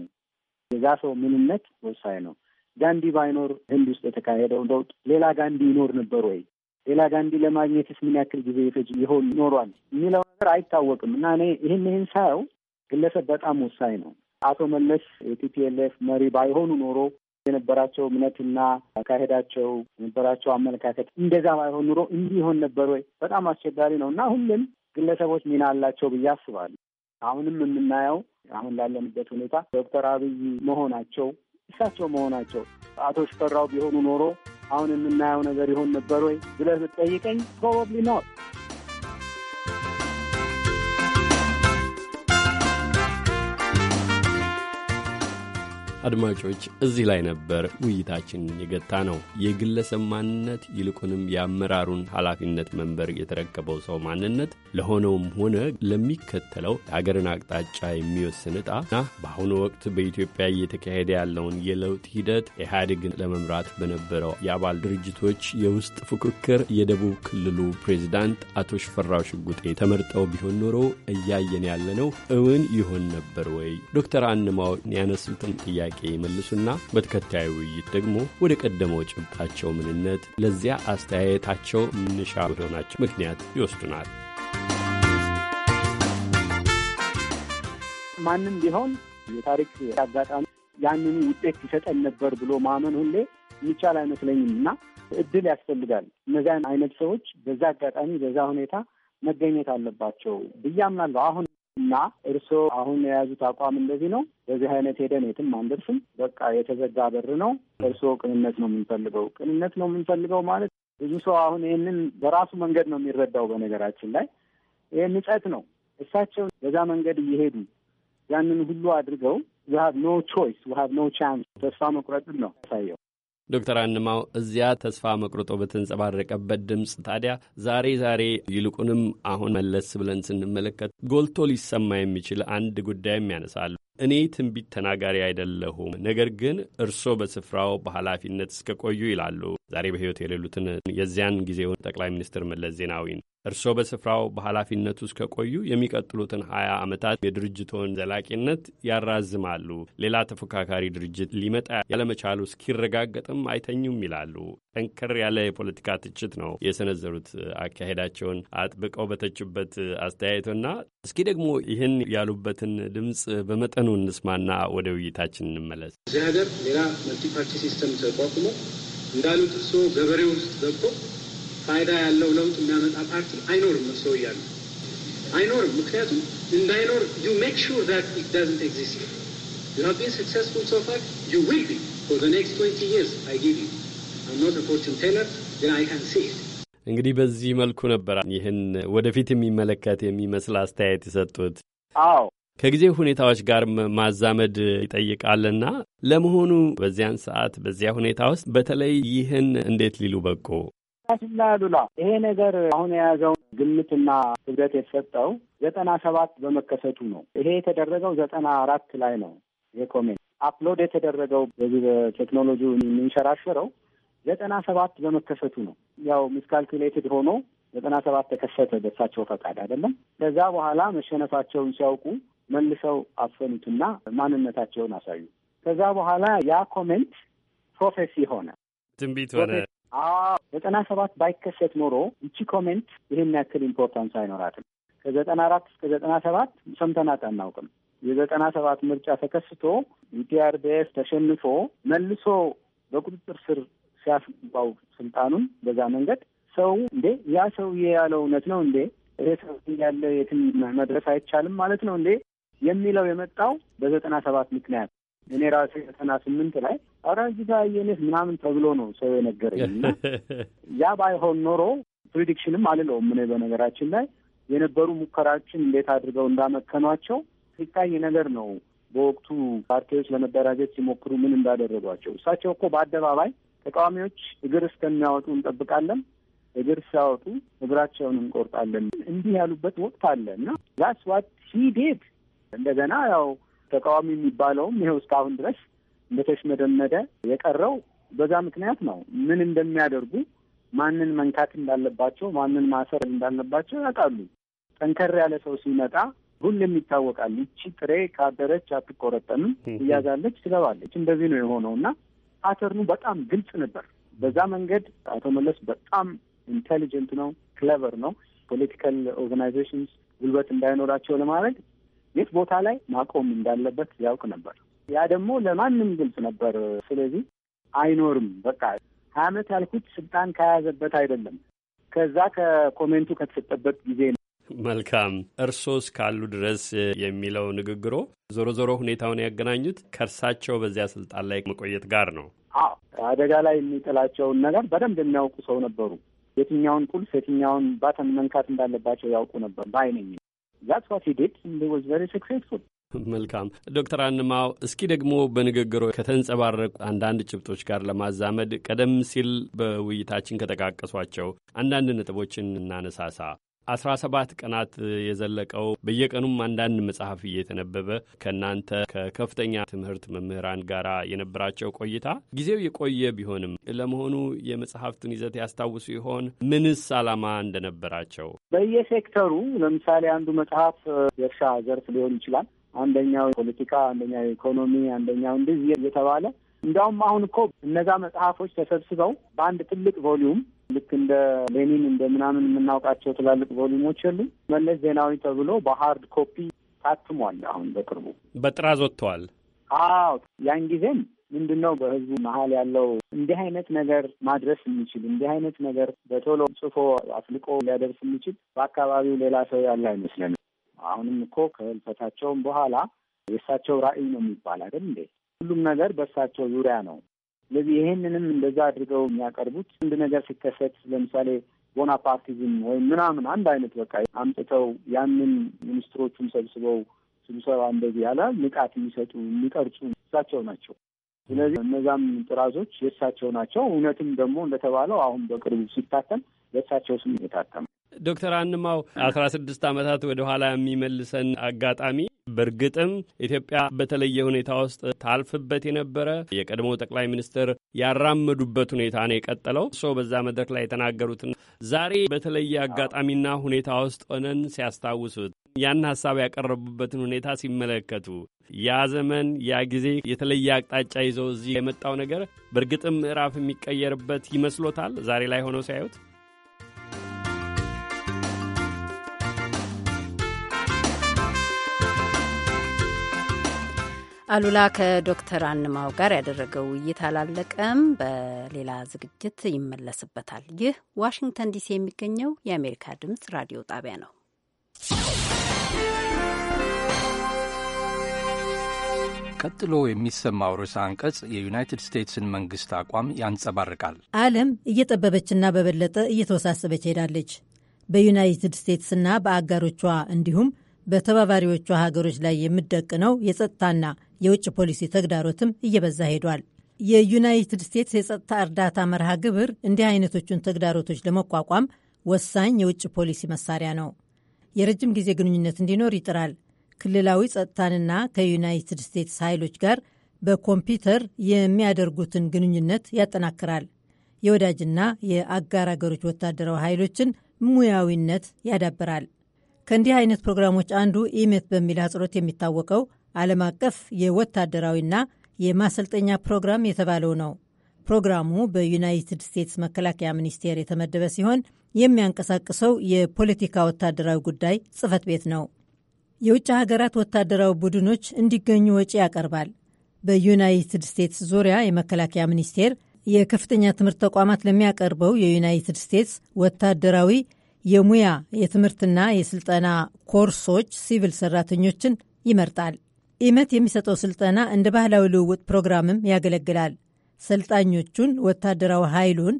የዛ ሰው ምንነት ወሳኝ ነው። ጋንዲ ባይኖር ህንድ ውስጥ የተካሄደው እንደው ሌላ ጋንዲ ይኖር ነበር ወይ? ሌላ ጋንዲ ለማግኘትስ ምን ያክል ጊዜ ይፈጅ ይሆን ይኖሯል የሚለው ነገር አይታወቅም እና እኔ ይህን ይህን ሳየው ግለሰብ በጣም ወሳኝ ነው። አቶ መለስ የቲፒኤልኤፍ መሪ ባይሆኑ ኖሮ የነበራቸው እምነትና አካሄዳቸው የነበራቸው አመለካከት እንደዛ ባይሆን ኑሮ እንዲህ ይሆን ነበር ወይ? በጣም አስቸጋሪ ነው እና ሁሉም ግለሰቦች ሚና አላቸው ብዬ አስባለሁ። አሁንም የምናየው አሁን ላለንበት ሁኔታ ዶክተር አብይ መሆናቸው እሳቸው መሆናቸው አቶ ሽፈራው ቢሆኑ ኖሮ አሁን የምናየው ነገር ይሆን ነበር ወይ ብለህ ብትጠይቀኝ ፕሮባብሊ ኖት። አድማጮች፣ እዚህ ላይ ነበር ውይይታችን የገታ ነው። የግለሰብ ማንነት ይልቁንም የአመራሩን ኃላፊነት መንበር የተረከበው ሰው ማንነት ለሆነውም ሆነ ለሚከተለው የአገርን አቅጣጫ የሚወስን ዕጣና በአሁኑ ወቅት በኢትዮጵያ እየተካሄደ ያለውን የለውጥ ሂደት ኢህአዴግን ለመምራት በነበረው የአባል ድርጅቶች የውስጥ ፉክክር የደቡብ ክልሉ ፕሬዚዳንት አቶ ሽፈራው ሽጉጤ ተመርጠው ቢሆን ኖሮ እያየን ያለነው እውን ይሆን ነበር ወይ? ዶክተር አንማው ያነሱትን ጥያቄ ጥያቄ ይመልሱና በተከታዩ ውይይት ደግሞ ወደ ቀደመው ጭብጣቸው ምንነት፣ ለዚያ አስተያየታቸው መነሻ ወደሆናቸው ምክንያት ይወስዱናል። ማንም ቢሆን የታሪክ አጋጣሚ ያንን ውጤት ይሰጠን ነበር ብሎ ማመን ሁሌ የሚቻል አይመስለኝም እና እድል ያስፈልጋል። እነዚያን አይነት ሰዎች በዛ አጋጣሚ በዛ ሁኔታ መገኘት አለባቸው ብዬ አምናለሁ። አሁን እና እርስዎ አሁን የያዙት አቋም እንደዚህ ነው፣ በዚህ አይነት ሄደን የትም አንደርስም፣ በቃ የተዘጋ በር ነው። እርስዎ ቅንነት ነው የምንፈልገው። ቅንነት ነው የምንፈልገው ማለት ብዙ ሰው አሁን ይህንን በራሱ መንገድ ነው የሚረዳው። በነገራችን ላይ ይህ ንጸት ነው። እሳቸው በዛ መንገድ እየሄዱ ያንን ሁሉ አድርገው ዊ ሀቭ ኖ ቾይስ ዊ ሀቭ ኖ ቻንስ ተስፋ መቁረጥን ነው ያሳየው። ዶክተር አንማው እዚያ ተስፋ መቁረጦ በተንጸባረቀበት ድምፅ ታዲያ ዛሬ ዛሬ ይልቁንም አሁን መለስ ብለን ስንመለከት ጎልቶ ሊሰማ የሚችል አንድ ጉዳይም ያነሳሉ። እኔ ትንቢት ተናጋሪ አይደለሁም፣ ነገር ግን እርስዎ በስፍራው በኃላፊነት ቆዩ ይላሉ ዛሬ በሕይወት የሌሉትን የዚያን ጊዜውን ጠቅላይ ሚኒስትር መለስ ዜናዊን። እርስዎ በስፍራው በኃላፊነቱ ቆዩ የሚቀጥሉትን ሀያ ዓመታት የድርጅቶን ዘላቂነት ያራዝማሉ፣ ሌላ ተፎካካሪ ድርጅት ሊመጣ ያለመቻሉ እስኪረጋገጥም አይተኙም ይላሉ። ጠንከር ያለ የፖለቲካ ትችት ነው የሰነዘሩት አካሄዳቸውን አጥብቀው በተችበት አስተያየትና እስኪ ደግሞ ይህን ያሉበትን ድምፅ በመጠኑ ጥቂቱን እንስማና ወደ ውይይታችን እንመለስ። እዚህ ሀገር ሌላ መልቲፓርቲ ሲስተም ተቋቁሞ እንዳሉት እርሶ ገበሬ ውስጥ ገብቶ ፋይዳ ያለው ለውጥ የሚያመጣ ፓርቲ አይኖርም። እርሶ እያሉ አይኖርም። ምክንያቱም እንዳይኖር ዩ ሜክ ሹር ዛት ኢት ዳዝንት ኤግዚስት ዩ ሃቭ ቢን ሰክሰስፉል ሶ ፋር ዩ ዊል ቢ ፎር ዘ ኔክስት ትዌንቲ ይርስ አይ ጊቭ ዩ አም ኖት ፎርቹን ቴለር ግን አይ ካን ሲ ኢት እንግዲህ በዚህ መልኩ ነበር ይህን ወደፊት የሚመለከት የሚመስል አስተያየት የሰጡት። አዎ ከጊዜ ሁኔታዎች ጋር ማዛመድ ይጠይቃልና ለመሆኑ በዚያን ሰዓት በዚያ ሁኔታ ውስጥ በተለይ ይህን እንዴት ሊሉ በቁ? አስላ ይሄ ነገር አሁን የያዘውን ግምትና ክብደት የተሰጠው ዘጠና ሰባት በመከሰቱ ነው። ይሄ የተደረገው ዘጠና አራት ላይ ነው። የኮሜንት አፕሎድ የተደረገው በዚህ በቴክኖሎጂ የሚንሸራሸረው ዘጠና ሰባት በመከሰቱ ነው። ያው ሚስካልኩሌትድ ሆኖ ዘጠና ሰባት ተከሰተ በሳቸው ፈቃድ አይደለም። ከዛ በኋላ መሸነፋቸውን ሲያውቁ መልሰው አፈኑትና ማንነታቸውን አሳዩ። ከዛ በኋላ ያ ኮሜንት ፕሮፌሲ ሆነ፣ ትንቢት ሆነ። ዘጠና ሰባት ባይከሰት ኖሮ ይቺ ኮሜንት ይህን ያክል ኢምፖርታንስ አይኖራትም። ከዘጠና አራት እስከ ዘጠና ሰባት ሰምተናት አናውቅም። የዘጠና ሰባት ምርጫ ተከስቶ ዩቲአርቤኤፍ ተሸንፎ መልሶ በቁጥጥር ስር ሲያስገባው ስልጣኑን በዛ መንገድ ሰው እንዴ ያ ሰውዬ ያለው እውነት ነው እንዴ ይሄ ሰው ያለ የትም መድረስ አይቻልም ማለት ነው እንዴ የሚለው የመጣው በዘጠና ሰባት ምክንያት እኔ ራሴ ዘጠና ስምንት ላይ አውራጅ ጋር የኔት ምናምን ተብሎ ነው ሰው የነገረኝ እና ያ ባይሆን ኖሮ ፕሪዲክሽንም አልለውም እኔ በነገራችን ላይ የነበሩ ሙከራችን እንዴት አድርገው እንዳመከኗቸው ሲታይ ነገር ነው። በወቅቱ ፓርቲዎች ለመደራጀት ሲሞክሩ ምን እንዳደረጓቸው እሳቸው እኮ በአደባባይ ተቃዋሚዎች እግር እስከሚያወጡ እንጠብቃለን፣ እግር ሲያወጡ እግራቸውን እንቆርጣለን እንዲህ ያሉበት ወቅት አለ እና ዛስ ዋት ሂ ዲድ እንደገና ያው ተቃዋሚ የሚባለውም ይኸው እስካሁን ድረስ እንደተሽመደመደ የቀረው በዛ ምክንያት ነው። ምን እንደሚያደርጉ ማንን መንካት እንዳለባቸው፣ ማንን ማሰር እንዳለባቸው ያውቃሉ። ጠንከር ያለ ሰው ሲመጣ ሁሌም ይታወቃል። ይቺ ጥሬ ካደረች አትቆረጠምም፣ እያዛለች ትገባለች። እንደዚህ ነው የሆነው እና ፓተርኑ በጣም ግልጽ ነበር። በዛ መንገድ አቶ መለስ በጣም ኢንቴሊጀንት ነው፣ ክለቨር ነው። ፖለቲካል ኦርጋናይዜሽንስ ጉልበት እንዳይኖራቸው ለማድረግ የት ቦታ ላይ ማቆም እንዳለበት ያውቅ ነበር። ያ ደግሞ ለማንም ግልጽ ነበር። ስለዚህ አይኖርም በቃ ሀያ አመት ያልኩት ስልጣን ከያዘበት አይደለም ከዛ ከኮሜንቱ ከተሰጠበት ጊዜ ነው። መልካም እርስዎ እስካሉ ድረስ የሚለው ንግግሮ ዞሮ ዞሮ ሁኔታውን ያገናኙት ከእርሳቸው በዚያ ስልጣን ላይ መቆየት ጋር ነው። አዎ አደጋ ላይ የሚጥላቸውን ነገር በደንብ የሚያውቁ ሰው ነበሩ። የትኛውን ቁልፍ የትኛውን ባተን መንካት እንዳለባቸው ያውቁ ነበር በአይነኝ ዛትስ ዋት ሂ ዲድ ኤንድ ሂ ዋዝ ቨሪ ሰክሴስፉል። መልካም ዶክተር አንማው እስኪ ደግሞ በንግግሮ ከተንጸባረቁ አንዳንድ ጭብጦች ጋር ለማዛመድ ቀደም ሲል በውይይታችን ከጠቃቀሷቸው አንዳንድ ነጥቦችን እናነሳሳ። አስራ ሰባት ቀናት የዘለቀው በየቀኑም አንዳንድ መጽሐፍ እየተነበበ ከእናንተ ከከፍተኛ ትምህርት መምህራን ጋር የነበራቸው ቆይታ ጊዜው የቆየ ቢሆንም ለመሆኑ የመጽሐፍቱን ይዘት ያስታውሱ ይሆን? ምንስ ዓላማ እንደነበራቸው በየሴክተሩ ለምሳሌ አንዱ መጽሐፍ የእርሻ ዘርፍ ሊሆን ይችላል፣ አንደኛው ፖለቲካ፣ አንደኛው ኢኮኖሚ፣ አንደኛው እንደዚህ እየተባለ እንዲያውም አሁን እኮ እነዛ መጽሐፎች ተሰብስበው በአንድ ትልቅ ቮሊዩም ልክ እንደ ሌኒን እንደ ምናምን የምናውቃቸው ትላልቅ ቮሊሞች የሉ መለስ ዜናዊ ተብሎ በሀርድ ኮፒ ታትሟል። አሁን በቅርቡ በጥራዝ ወጥተዋል። አዎ ያን ጊዜም ምንድን ነው በህዝቡ መሀል ያለው እንዲህ አይነት ነገር ማድረስ የሚችል እንዲህ አይነት ነገር በቶሎ ጽፎ አፍልቆ ሊያደርስ የሚችል በአካባቢው ሌላ ሰው ያለ አይመስለንም። አሁንም እኮ ከህልፈታቸውም በኋላ የእሳቸው ራዕይ ነው የሚባል አይደል እንዴ? ሁሉም ነገር በእሳቸው ዙሪያ ነው ስለዚህ ይሄንንም እንደዛ አድርገው የሚያቀርቡት አንድ ነገር ሲከሰት ለምሳሌ ቦናፓርቲዝም ወይም ምናምን አንድ አይነት በቃ አምጥተው ያንን ሚኒስትሮቹን ሰብስበው ስብሰባ እንደዚህ ያለ ንቃት የሚሰጡ የሚቀርጹ እሳቸው ናቸው። ስለዚህ እነዛም ጥራዞች የእሳቸው ናቸው። እውነትም ደግሞ እንደተባለው አሁን በቅርቡ ሲታተም በእሳቸው ስም የታተመ ዶክተር አንማው አስራ ስድስት ዓመታት ወደ ኋላ የሚመልሰን አጋጣሚ በእርግጥም ኢትዮጵያ በተለየ ሁኔታ ውስጥ ታልፍበት የነበረ የቀድሞ ጠቅላይ ሚኒስትር ያራመዱበት ሁኔታ ነው የቀጠለው። እርስዎ በዛ መድረክ ላይ የተናገሩትን ዛሬ በተለየ አጋጣሚና ሁኔታ ውስጥ ሆነን ሲያስታውሱት ያን ሀሳብ ያቀረቡበትን ሁኔታ ሲመለከቱ ያ ዘመን ያ ጊዜ የተለየ አቅጣጫ ይዘው እዚህ የመጣው ነገር በእርግጥም ምዕራፍ የሚቀየርበት ይመስሎታል ዛሬ ላይ ሆነው ሲያዩት? አሉላ ከዶክተር አንማው ጋር ያደረገው ውይይት አላለቀም። በሌላ ዝግጅት ይመለስበታል። ይህ ዋሽንግተን ዲሲ የሚገኘው የአሜሪካ ድምፅ ራዲዮ ጣቢያ ነው። ቀጥሎ የሚሰማው ርዕሰ አንቀጽ የዩናይትድ ስቴትስን መንግስት አቋም ያንጸባርቃል። ዓለም እየጠበበችና በበለጠ እየተወሳሰበች ሄዳለች። በዩናይትድ ስቴትስና በአጋሮቿ እንዲሁም በተባባሪዎቿ ሀገሮች ላይ የምደቅነው የጸጥታና የውጭ ፖሊሲ ተግዳሮትም እየበዛ ሄዷል። የዩናይትድ ስቴትስ የጸጥታ እርዳታ መርሃ ግብር እንዲህ አይነቶቹን ተግዳሮቶች ለመቋቋም ወሳኝ የውጭ ፖሊሲ መሳሪያ ነው። የረጅም ጊዜ ግንኙነት እንዲኖር ይጥራል። ክልላዊ ጸጥታንና ከዩናይትድ ስቴትስ ኃይሎች ጋር በኮምፒውተር የሚያደርጉትን ግንኙነት ያጠናክራል። የወዳጅና የአጋር አገሮች ወታደራዊ ኃይሎችን ሙያዊነት ያዳብራል። ከእንዲህ አይነት ፕሮግራሞች አንዱ ኢሜት በሚል አጽሮት የሚታወቀው ዓለም አቀፍ የወታደራዊና የማሰልጠኛ ፕሮግራም የተባለው ነው። ፕሮግራሙ በዩናይትድ ስቴትስ መከላከያ ሚኒስቴር የተመደበ ሲሆን የሚያንቀሳቅሰው የፖለቲካ ወታደራዊ ጉዳይ ጽህፈት ቤት ነው። የውጭ ሀገራት ወታደራዊ ቡድኖች እንዲገኙ ወጪ ያቀርባል። በዩናይትድ ስቴትስ ዙሪያ የመከላከያ ሚኒስቴር የከፍተኛ ትምህርት ተቋማት ለሚያቀርበው የዩናይትድ ስቴትስ ወታደራዊ የሙያ የትምህርትና የስልጠና ኮርሶች ሲቪል ሰራተኞችን ይመርጣል። ኢመት የሚሰጠው ስልጠና እንደ ባህላዊ ልውውጥ ፕሮግራምም ያገለግላል። ሰልጣኞቹን ወታደራዊ ኃይሉን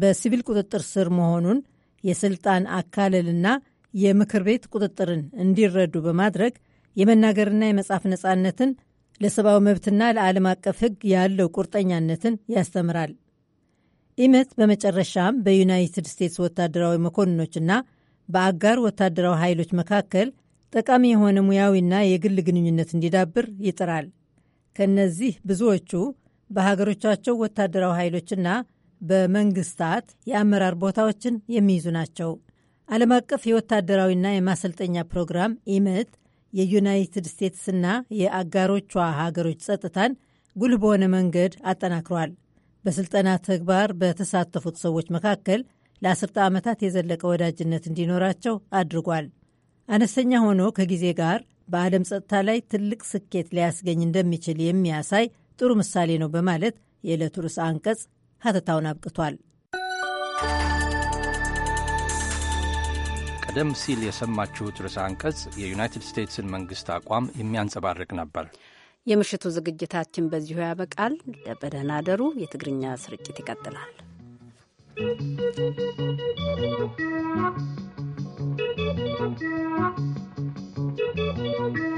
በሲቪል ቁጥጥር ስር መሆኑን የስልጣን አካለልና የምክር ቤት ቁጥጥርን እንዲረዱ በማድረግ የመናገርና የመጻፍ ነጻነትን ለሰብአዊ መብትና ለዓለም አቀፍ ሕግ ያለው ቁርጠኛነትን ያስተምራል። ኢመት በመጨረሻም በዩናይትድ ስቴትስ ወታደራዊ መኮንኖችና በአጋር ወታደራዊ ኃይሎች መካከል ጠቃሚ የሆነ ሙያዊና የግል ግንኙነት እንዲዳብር ይጥራል። ከነዚህ ብዙዎቹ በሀገሮቻቸው ወታደራዊ ኃይሎችና በመንግስታት የአመራር ቦታዎችን የሚይዙ ናቸው። ዓለም አቀፍ የወታደራዊና የማሰልጠኛ ፕሮግራም ኢመት የዩናይትድ ስቴትስና የአጋሮቿ ሀገሮች ጸጥታን ጉልህ በሆነ መንገድ አጠናክሯል። በስልጠና ተግባር በተሳተፉት ሰዎች መካከል ለአስርተ ዓመታት የዘለቀ ወዳጅነት እንዲኖራቸው አድርጓል። አነስተኛ ሆኖ ከጊዜ ጋር በዓለም ጸጥታ ላይ ትልቅ ስኬት ሊያስገኝ እንደሚችል የሚያሳይ ጥሩ ምሳሌ ነው በማለት የዕለቱ ርስ አንቀጽ ሀተታውን አብቅቷል። ቀደም ሲል የሰማችሁት ርስ አንቀጽ የዩናይትድ ስቴትስን መንግስት አቋም የሚያንጸባርቅ ነበር። የምሽቱ ዝግጅታችን በዚሁ ያበቃል። በደህና ደሩ የትግርኛ ስርጭት ይቀጥላል። Thank you.